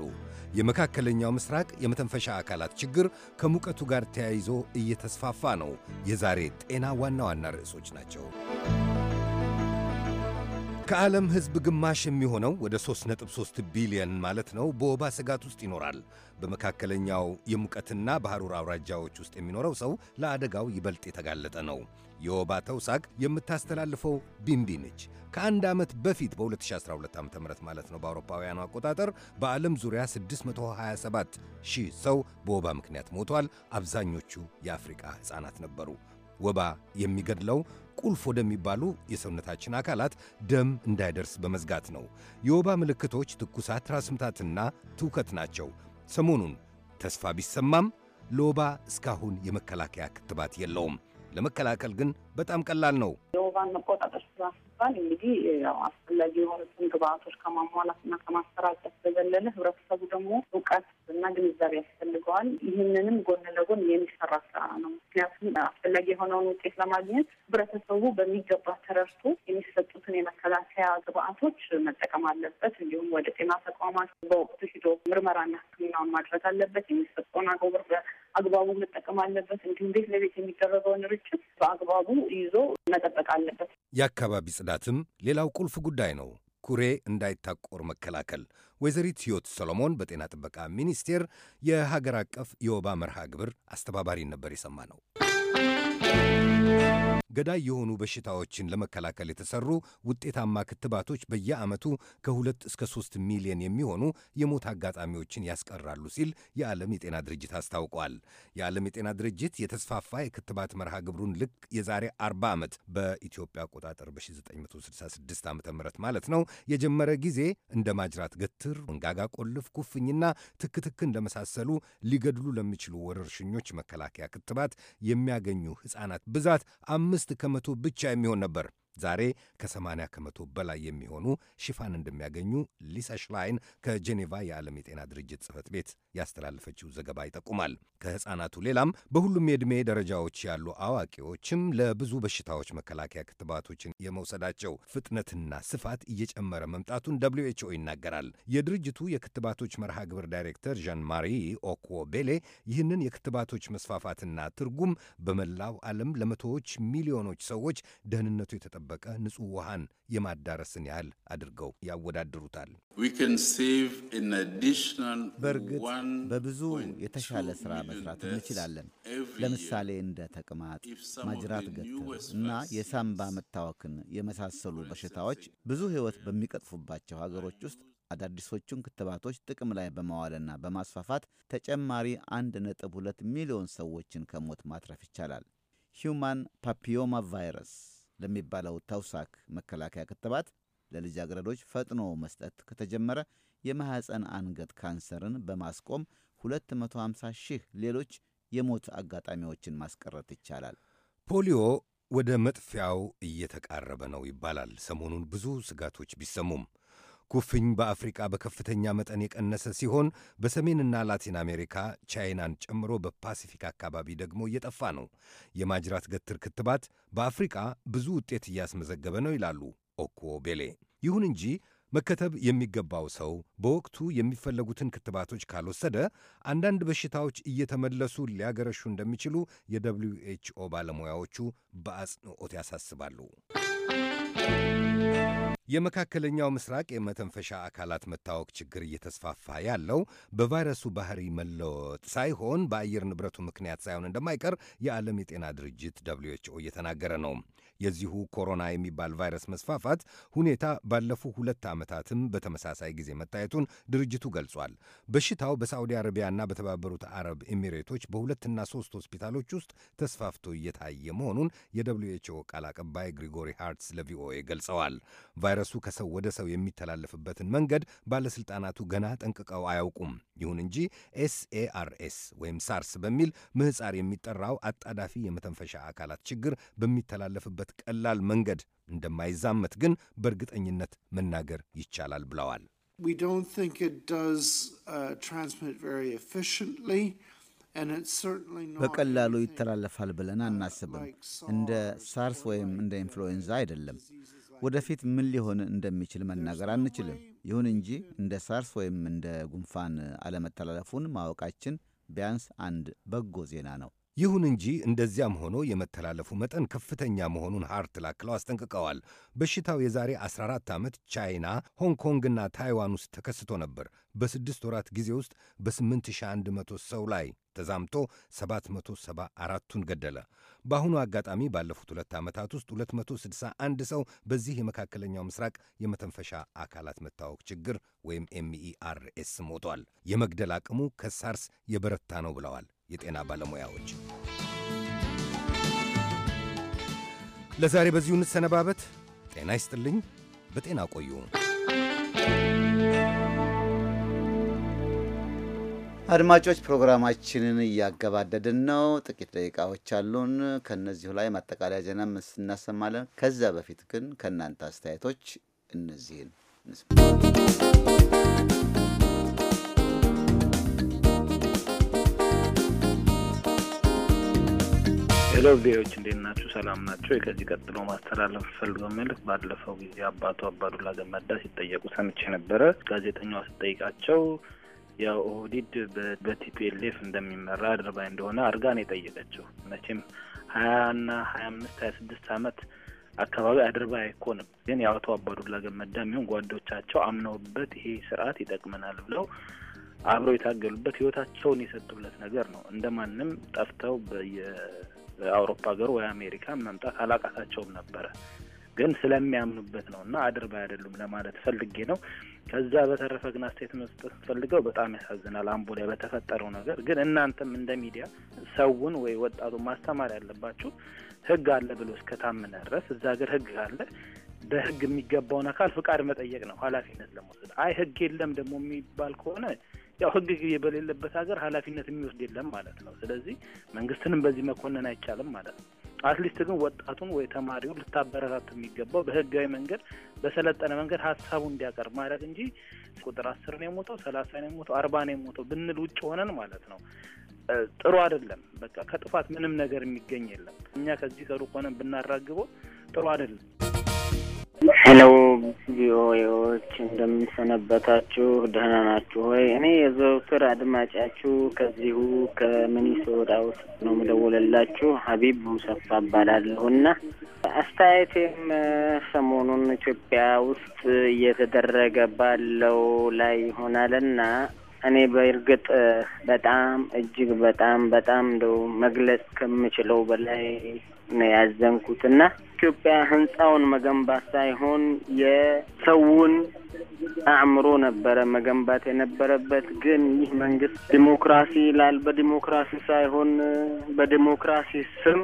የመካከለኛው ምስራቅ የመተንፈሻ አካላት ችግር ከሙቀቱ ጋር ተያይዞ እየተስፋፋ ነው። የዛሬ ጤና ዋና ዋና ርዕሶች ናቸው። ከዓለም ሕዝብ ግማሽ የሚሆነው ወደ 3.3 ቢሊየን ማለት ነው በወባ ስጋት ውስጥ ይኖራል። በመካከለኛው የሙቀትና በሐሩር አውራጃዎች ውስጥ የሚኖረው ሰው ለአደጋው ይበልጥ የተጋለጠ ነው። የወባ ተውሳክ የምታስተላልፈው ቢምቢ ነች። ከአንድ ዓመት በፊት በ2012 ዓ ም ማለት ነው በአውሮፓውያኑ አቆጣጠር በዓለም ዙሪያ 627 ሺህ ሰው በወባ ምክንያት ሞቷል። አብዛኞቹ የአፍሪቃ ሕፃናት ነበሩ። ወባ የሚገድለው ቁልፍ ወደሚባሉ የሰውነታችን አካላት ደም እንዳይደርስ በመዝጋት ነው። የወባ ምልክቶች ትኩሳት፣ ትራስምታትና ትውከት ናቸው። ሰሞኑን ተስፋ ቢሰማም ለወባ እስካሁን የመከላከያ ክትባት የለውም። ለመከላከል ግን በጣም ቀላል ነው። የወባን መቆጣጠር ስራ ሲባል እንግዲህ አስፈላጊ የሆኑትን ግብአቶች ከማሟላትና ከማሰራጨት በዘለለ ህብረተሰቡ ደግሞ እውቀት እና ግንዛቤ ያስፈልገዋል። ይህንንም ጎን ለጎን የሚሰራ ስራ ነው። ምክንያቱም አስፈላጊ የሆነውን ውጤት ለማግኘት ህብረተሰቡ በሚገባ ተረድቶ የሚሰጡትን የመከላከያ ግብአቶች መጠቀም አለበት። እንዲሁም ወደ ጤና ተቋማት በወቅቱ ሂዶ ምርመራና ህክምናውን ማድረግ አለበት። የሚሰጠውን አጎበር አግባቡ መጠቀም አለበት። እንዲሁም ቤት ለቤት የሚደረገውን ርጭት በአግባቡ ይዞ መጠበቅ አለበት። የአካባቢ ጽዳትም ሌላው ቁልፍ ጉዳይ ነው። ኩሬ እንዳይታቆር መከላከል። ወይዘሪት ሕይወት ሰሎሞን በጤና ጥበቃ ሚኒስቴር የሀገር አቀፍ የወባ መርሃ ግብር አስተባባሪ ነበር። የሰማ ነው ገዳይ የሆኑ በሽታዎችን ለመከላከል የተሰሩ ውጤታማ ክትባቶች በየዓመቱ ከሁለት እስከ ሶስት ሚሊዮን የሚሆኑ የሞት አጋጣሚዎችን ያስቀራሉ ሲል የዓለም የጤና ድርጅት አስታውቋል። የዓለም የጤና ድርጅት የተስፋፋ የክትባት መርሃ ግብሩን ልክ የዛሬ 40 ዓመት በኢትዮጵያ አቆጣጠር በ1966 ዓ ም ማለት ነው የጀመረ ጊዜ እንደ ማጅራት ገትር፣ መንጋጋ ቆልፍ፣ ኩፍኝና ትክትክ እንደመሳሰሉ ሊገድሉ ለሚችሉ ወረርሽኞች መከላከያ ክትባት የሚያገኙ ሕፃናት ብዛት አምስት አምስት ከመቶ ብቻ የሚሆን ነበር። ዛሬ ከ80 ከመቶ በላይ የሚሆኑ ሽፋን እንደሚያገኙ ሊሳ ሽላይን ከጄኔቫ የዓለም የጤና ድርጅት ጽህፈት ቤት ያስተላለፈችው ዘገባ ይጠቁማል። ከሕፃናቱ ሌላም በሁሉም የዕድሜ ደረጃዎች ያሉ አዋቂዎችም ለብዙ በሽታዎች መከላከያ ክትባቶችን የመውሰዳቸው ፍጥነትና ስፋት እየጨመረ መምጣቱን ደብሊው ኤች ኦ ይናገራል። የድርጅቱ የክትባቶች መርሃ ግብር ዳይሬክተር ዣን ማሪ ኦኮ ቤሌ ይህንን የክትባቶች መስፋፋትና ትርጉም በመላው ዓለም ለመቶዎች ሚሊዮኖች ሰዎች ደህንነቱ የተጠ የጠበቀ ንጹህ ውሃን የማዳረስን ያህል አድርገው ያወዳድሩታል። በእርግጥ በብዙ የተሻለ ሥራ መስራት እንችላለን። ለምሳሌ እንደ ተቅማጥ፣ ማጅራት ገትር እና የሳምባ መታወክን የመሳሰሉ በሽታዎች ብዙ ሕይወት በሚቀጥፉባቸው ሀገሮች ውስጥ አዳዲሶቹን ክትባቶች ጥቅም ላይ በማዋልና በማስፋፋት ተጨማሪ 1.2 ሚሊዮን ሰዎችን ከሞት ማትረፍ ይቻላል። ሂዩማን ፓፒዮማ ቫይረስ ለሚባለው ተውሳክ መከላከያ ክትባት ለልጃገረዶች ፈጥኖ መስጠት ከተጀመረ የማኅፀን አንገት ካንሰርን በማስቆም 250 ሺህ ሌሎች የሞት አጋጣሚዎችን ማስቀረት ይቻላል። ፖሊዮ ወደ መጥፊያው እየተቃረበ ነው ይባላል። ሰሞኑን ብዙ ስጋቶች ቢሰሙም ኩፍኝ በአፍሪቃ በከፍተኛ መጠን የቀነሰ ሲሆን በሰሜንና ላቲን አሜሪካ ቻይናን ጨምሮ በፓሲፊክ አካባቢ ደግሞ እየጠፋ ነው። የማጅራት ገትር ክትባት በአፍሪቃ ብዙ ውጤት እያስመዘገበ ነው ይላሉ ኦኮ ቤሌ። ይሁን እንጂ መከተብ የሚገባው ሰው በወቅቱ የሚፈለጉትን ክትባቶች ካልወሰደ አንዳንድ በሽታዎች እየተመለሱ ሊያገረሹ እንደሚችሉ የደብሊዩ ኤች ኦ ባለሙያዎቹ በአጽንኦት ያሳስባሉ። የመካከለኛው ምስራቅ የመተንፈሻ አካላት መታወክ ችግር እየተስፋፋ ያለው በቫይረሱ ባህሪ መለወጥ ሳይሆን በአየር ንብረቱ ምክንያት ሳይሆን እንደማይቀር የዓለም የጤና ድርጅት ደብሊው ኤች ኦ እየተናገረ ነው። የዚሁ ኮሮና የሚባል ቫይረስ መስፋፋት ሁኔታ ባለፉ ሁለት ዓመታትም በተመሳሳይ ጊዜ መታየቱን ድርጅቱ ገልጿል። በሽታው በሳዑዲ አረቢያና በተባበሩት አረብ ኤሚሬቶች በሁለትና ሶስት ሆስፒታሎች ውስጥ ተስፋፍቶ እየታየ መሆኑን የደብሊው ኤች ኦ ቃል አቀባይ ግሪጎሪ ሃርትስ ለቪኦኤ ገልጸዋል። ቫይረሱ ከሰው ወደ ሰው የሚተላለፍበትን መንገድ ባለሥልጣናቱ ገና ጠንቅቀው አያውቁም። ይሁን እንጂ ኤስኤአርኤስ ወይም ሳርስ በሚል ምህፃር የሚጠራው አጣዳፊ የመተንፈሻ አካላት ችግር በሚተላለፍበት ቀላል መንገድ እንደማይዛመት ግን በእርግጠኝነት መናገር ይቻላል ብለዋል። uh, በቀላሉ ይተላለፋል ብለን uh, አናስብም። እንደ ሳርስ ወይም እንደ ኢንፍሉዌንዛ አይደለም። ወደፊት ምን ሊሆን እንደሚችል መናገር አንችልም። ይሁን እንጂ እንደ ሳርስ ወይም እንደ ጉንፋን አለመተላለፉን ማወቃችን ቢያንስ አንድ በጎ ዜና ነው። ይሁን እንጂ እንደዚያም ሆኖ የመተላለፉ መጠን ከፍተኛ መሆኑን ሃርት ላክለው አስጠንቅቀዋል። በሽታው የዛሬ 14 ዓመት ቻይና፣ ሆንግ ኮንግና ታይዋን ውስጥ ተከስቶ ነበር። በስድስት ወራት ጊዜ ውስጥ በ8100 ሰው ላይ ተዛምቶ 774ቱን ገደለ። በአሁኑ አጋጣሚ ባለፉት ሁለት ዓመታት ውስጥ 261 ሰው በዚህ የመካከለኛው ምስራቅ የመተንፈሻ አካላት መታወክ ችግር ወይም ኤምኢአርኤስ ሞቷል። የመግደል አቅሙ ከሳርስ የበረታ ነው ብለዋል የጤና ባለሙያዎች። ለዛሬ በዚሁ እንሰነባበት። ጤና ይስጥልኝ። በጤና ቆዩ። አድማጮች ፕሮግራማችንን እያገባደድን ነው። ጥቂት ደቂቃዎች አሉን። ከእነዚሁ ላይ ማጠቃለያ ዜና እናሰማለን። ከዚያ በፊት ግን ከእናንተ አስተያየቶች እነዚህን ሄሎ ቪዎች እንዴት ናችሁ? ሰላም ናቸው። ከዚህ ቀጥሎ ማስተላለፍ ፈልገው መልክ ባለፈው ጊዜ አባቱ አባዱላ ገመዳ ሲጠየቁ ሰምቼ ነበረ። ጋዜጠኛዋ ስጠይቃቸው ያው ኦህዲድ በቲፒኤልኤፍ እንደሚመራ አድርባይ እንደሆነ አድርጋ ነው የጠየቀችው። መቼም ሀያ ና ሀያ አምስት ሀያ ስድስት አመት አካባቢ አድርባይ አይኮንም። ግን የአቶ አባዱላ ገመዳ የሚሆን ጓዶቻቸው አምነውበት ይሄ ስርዓት ይጠቅመናል ብለው አብረው የታገሉበት ህይወታቸውን የሰጡለት ነገር ነው። እንደማንም ጠፍተው በየ አውሮፓ ሀገር ወይ አሜሪካ መምጣት አላቃታቸውም ነበረ። ግን ስለሚያምኑበት ነው እና አድርባ አይደሉም ለማለት ፈልጌ ነው። ከዛ በተረፈ ግን አስተያየት መስጠት ፈልገው በጣም ያሳዝናል። አምቦ ላይ በተፈጠረው ነገር ግን እናንተም እንደ ሚዲያ ሰውን ወይ ወጣቱን ማስተማር ያለባችሁ ህግ አለ ብሎ እስከታመነ ድረስ እዛ ሀገር ህግ አለ በህግ የሚገባውን አካል ፍቃድ መጠየቅ ነው ኃላፊነት ለመውሰድ አይ ህግ የለም ደግሞ የሚባል ከሆነ ያው ህግ ግዜ በሌለበት ሀገር ኃላፊነት የሚወስድ የለም ማለት ነው። ስለዚህ መንግስትንም በዚህ መኮንን አይቻልም ማለት ነው። አትሊስት ግን ወጣቱን ወይ ተማሪውን ልታበረታት የሚገባው በህጋዊ መንገድ በሰለጠነ መንገድ ሀሳቡ እንዲያቀርብ ማድረግ እንጂ ቁጥር አስር ነው የሞተው፣ ሰላሳ ነው የሞተው፣ አርባ ነው የሞተው ብንል ውጭ ሆነን ማለት ነው ጥሩ አይደለም። በቃ ከጥፋት ምንም ነገር የሚገኝ የለም። እኛ ከዚህ ከሩቅ ሆነን ብናራግበው ጥሩ አይደለም። ሄሎ ቪኦኤዎች እንደምንሰነበታችሁ፣ ደህና ናችሁ ወይ? እኔ የዘውትር አድማጫችሁ ከዚሁ ከሚኒሶታ ውስጥ ነው የምደውልላችሁ። ሀቢብ ሙሰፋ እና አስተያየቴም ሰሞኑን ኢትዮጵያ ውስጥ እየተደረገ ባለው ላይ ይሆናልና እኔ በእርግጥ በጣም እጅግ በጣም በጣም እንደው መግለጽ ከምችለው በላይ ነው ያዘንኩትና ኢትዮጵያ ህንፃውን መገንባት ሳይሆን የሰውን አእምሮ ነበረ መገንባት የነበረበት። ግን ይህ መንግስት ዲሞክራሲ ይላል። በዲሞክራሲ ሳይሆን በዲሞክራሲ ስም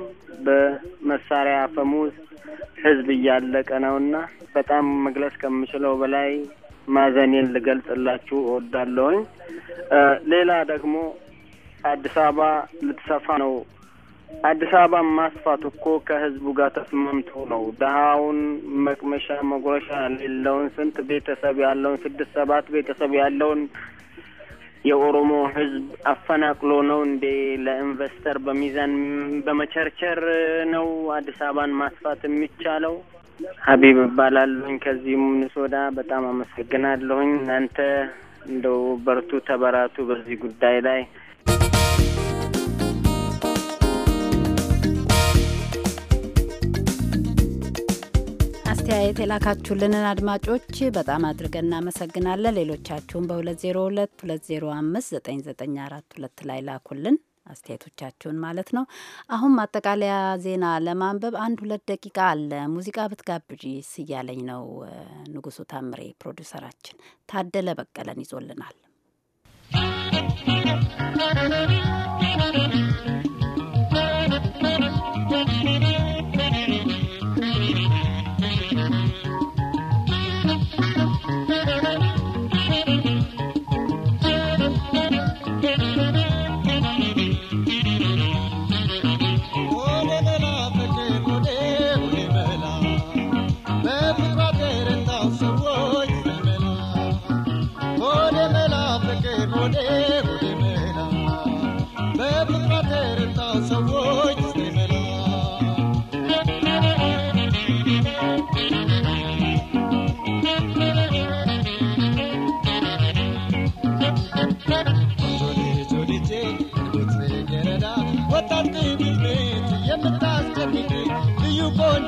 በመሳሪያ አፈሙዝ ህዝብ እያለቀ ነውና በጣም መግለጽ ከምችለው በላይ ማዘኔን ልገልጽላችሁ እወዳለሁኝ። ሌላ ደግሞ አዲስ አበባ ልትሰፋ ነው አዲስ አበባ ማስፋት እኮ ከህዝቡ ጋር ተስማምቶ ነው። ድሀውን መቅመሻ መጉረሻ ሌለውን ስንት ቤተሰብ ያለውን ስድስት ሰባት ቤተሰብ ያለውን የኦሮሞ ህዝብ አፈናቅሎ ነው እንዴ? ለኢንቨስተር በሚዛን በመቸርቸር ነው አዲስ አበባን ማስፋት የሚቻለው? ሀቢብ እባላለሁኝ ከዚህ ምንሶዳ። በጣም አመሰግናለሁኝ። እናንተ እንደው በርቱ፣ ተበራቱ በዚህ ጉዳይ ላይ አስተያየት የላካችሁልንን አድማጮች በጣም አድርገን እናመሰግናለን። ሌሎቻችሁም በ202 205 9942 ላይ ላኩልን አስተያየቶቻችሁን ማለት ነው። አሁን ማጠቃለያ ዜና ለማንበብ አንድ ሁለት ደቂቃ አለ። ሙዚቃ ብትጋብዥስ እያለኝ ነው ንጉሱ ታምሬ ፕሮዲውሰራችን። ታደለ በቀለን ይዞልናል።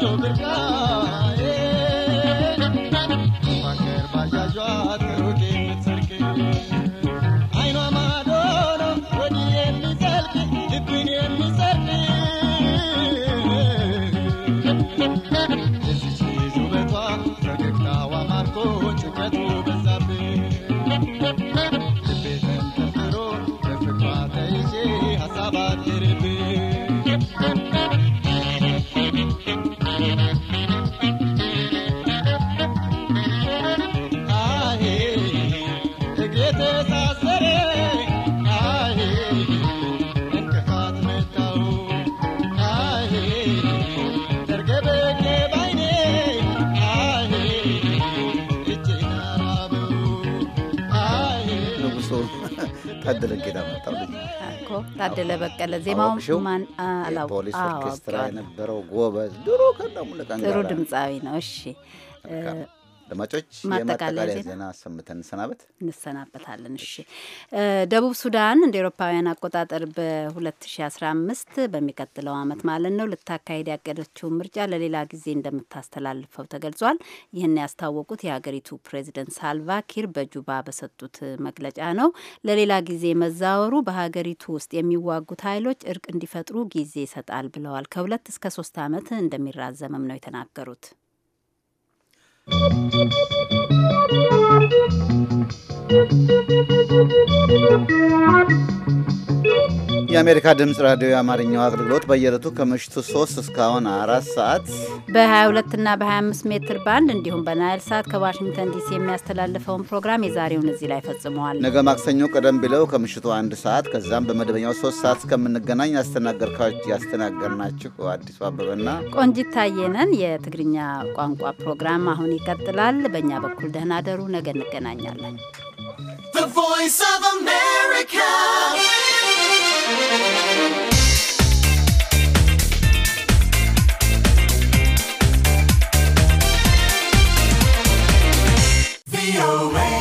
टोकरा ታደለ በቀለ ዜማው ማን ፖሊስ ኦርኬስትራ የነበረው ጎበዝ፣ ድሮ ከነ ሙሉቀን ጥሩ ድምፃዊ ነው። እሺ አድማጮች የማጠቃለያ ዜና አሰምተን እንሰናበት እንሰናበታለን። እሺ ደቡብ ሱዳን እንደ ኤሮፓውያን አቆጣጠር በ2015 በሚቀጥለው አመት ማለት ነው ልታካሄድ ያቀደችውን ምርጫ ለሌላ ጊዜ እንደምታስተላልፈው ተገልጿል። ይህን ያስታወቁት የሀገሪቱ ፕሬዚደንት ሳልቫ ኪር በጁባ በሰጡት መግለጫ ነው። ለሌላ ጊዜ መዛወሩ በሀገሪቱ ውስጥ የሚዋጉት ኃይሎች እርቅ እንዲፈጥሩ ጊዜ ይሰጣል ብለዋል። ከሁለት እስከ ሶስት አመት እንደሚራዘምም ነው የተናገሩት። Thank you. የአሜሪካ ድምፅ ራዲዮ የአማርኛው አገልግሎት በየዕለቱ ከምሽቱ 3 እስካሁን አራት ሰዓት በ22 እና በ25 ሜትር ባንድ እንዲሁም በናይል ሰዓት ከዋሽንግተን ዲሲ የሚያስተላልፈውን ፕሮግራም የዛሬውን እዚህ ላይ ፈጽመዋል። ነገ ማክሰኞ ቀደም ብለው ከምሽቱ አንድ ሰዓት ከዛም በመደበኛው 3 ሰዓት እስከምንገናኝ ያስተናገርናችሁ አዲሱ አበበና ቆንጂት ታየነን። የትግርኛ ቋንቋ ፕሮግራም አሁን ይቀጥላል። በእኛ በኩል ደህና ደሩ። ነገ እንገናኛለን። The voice of America away.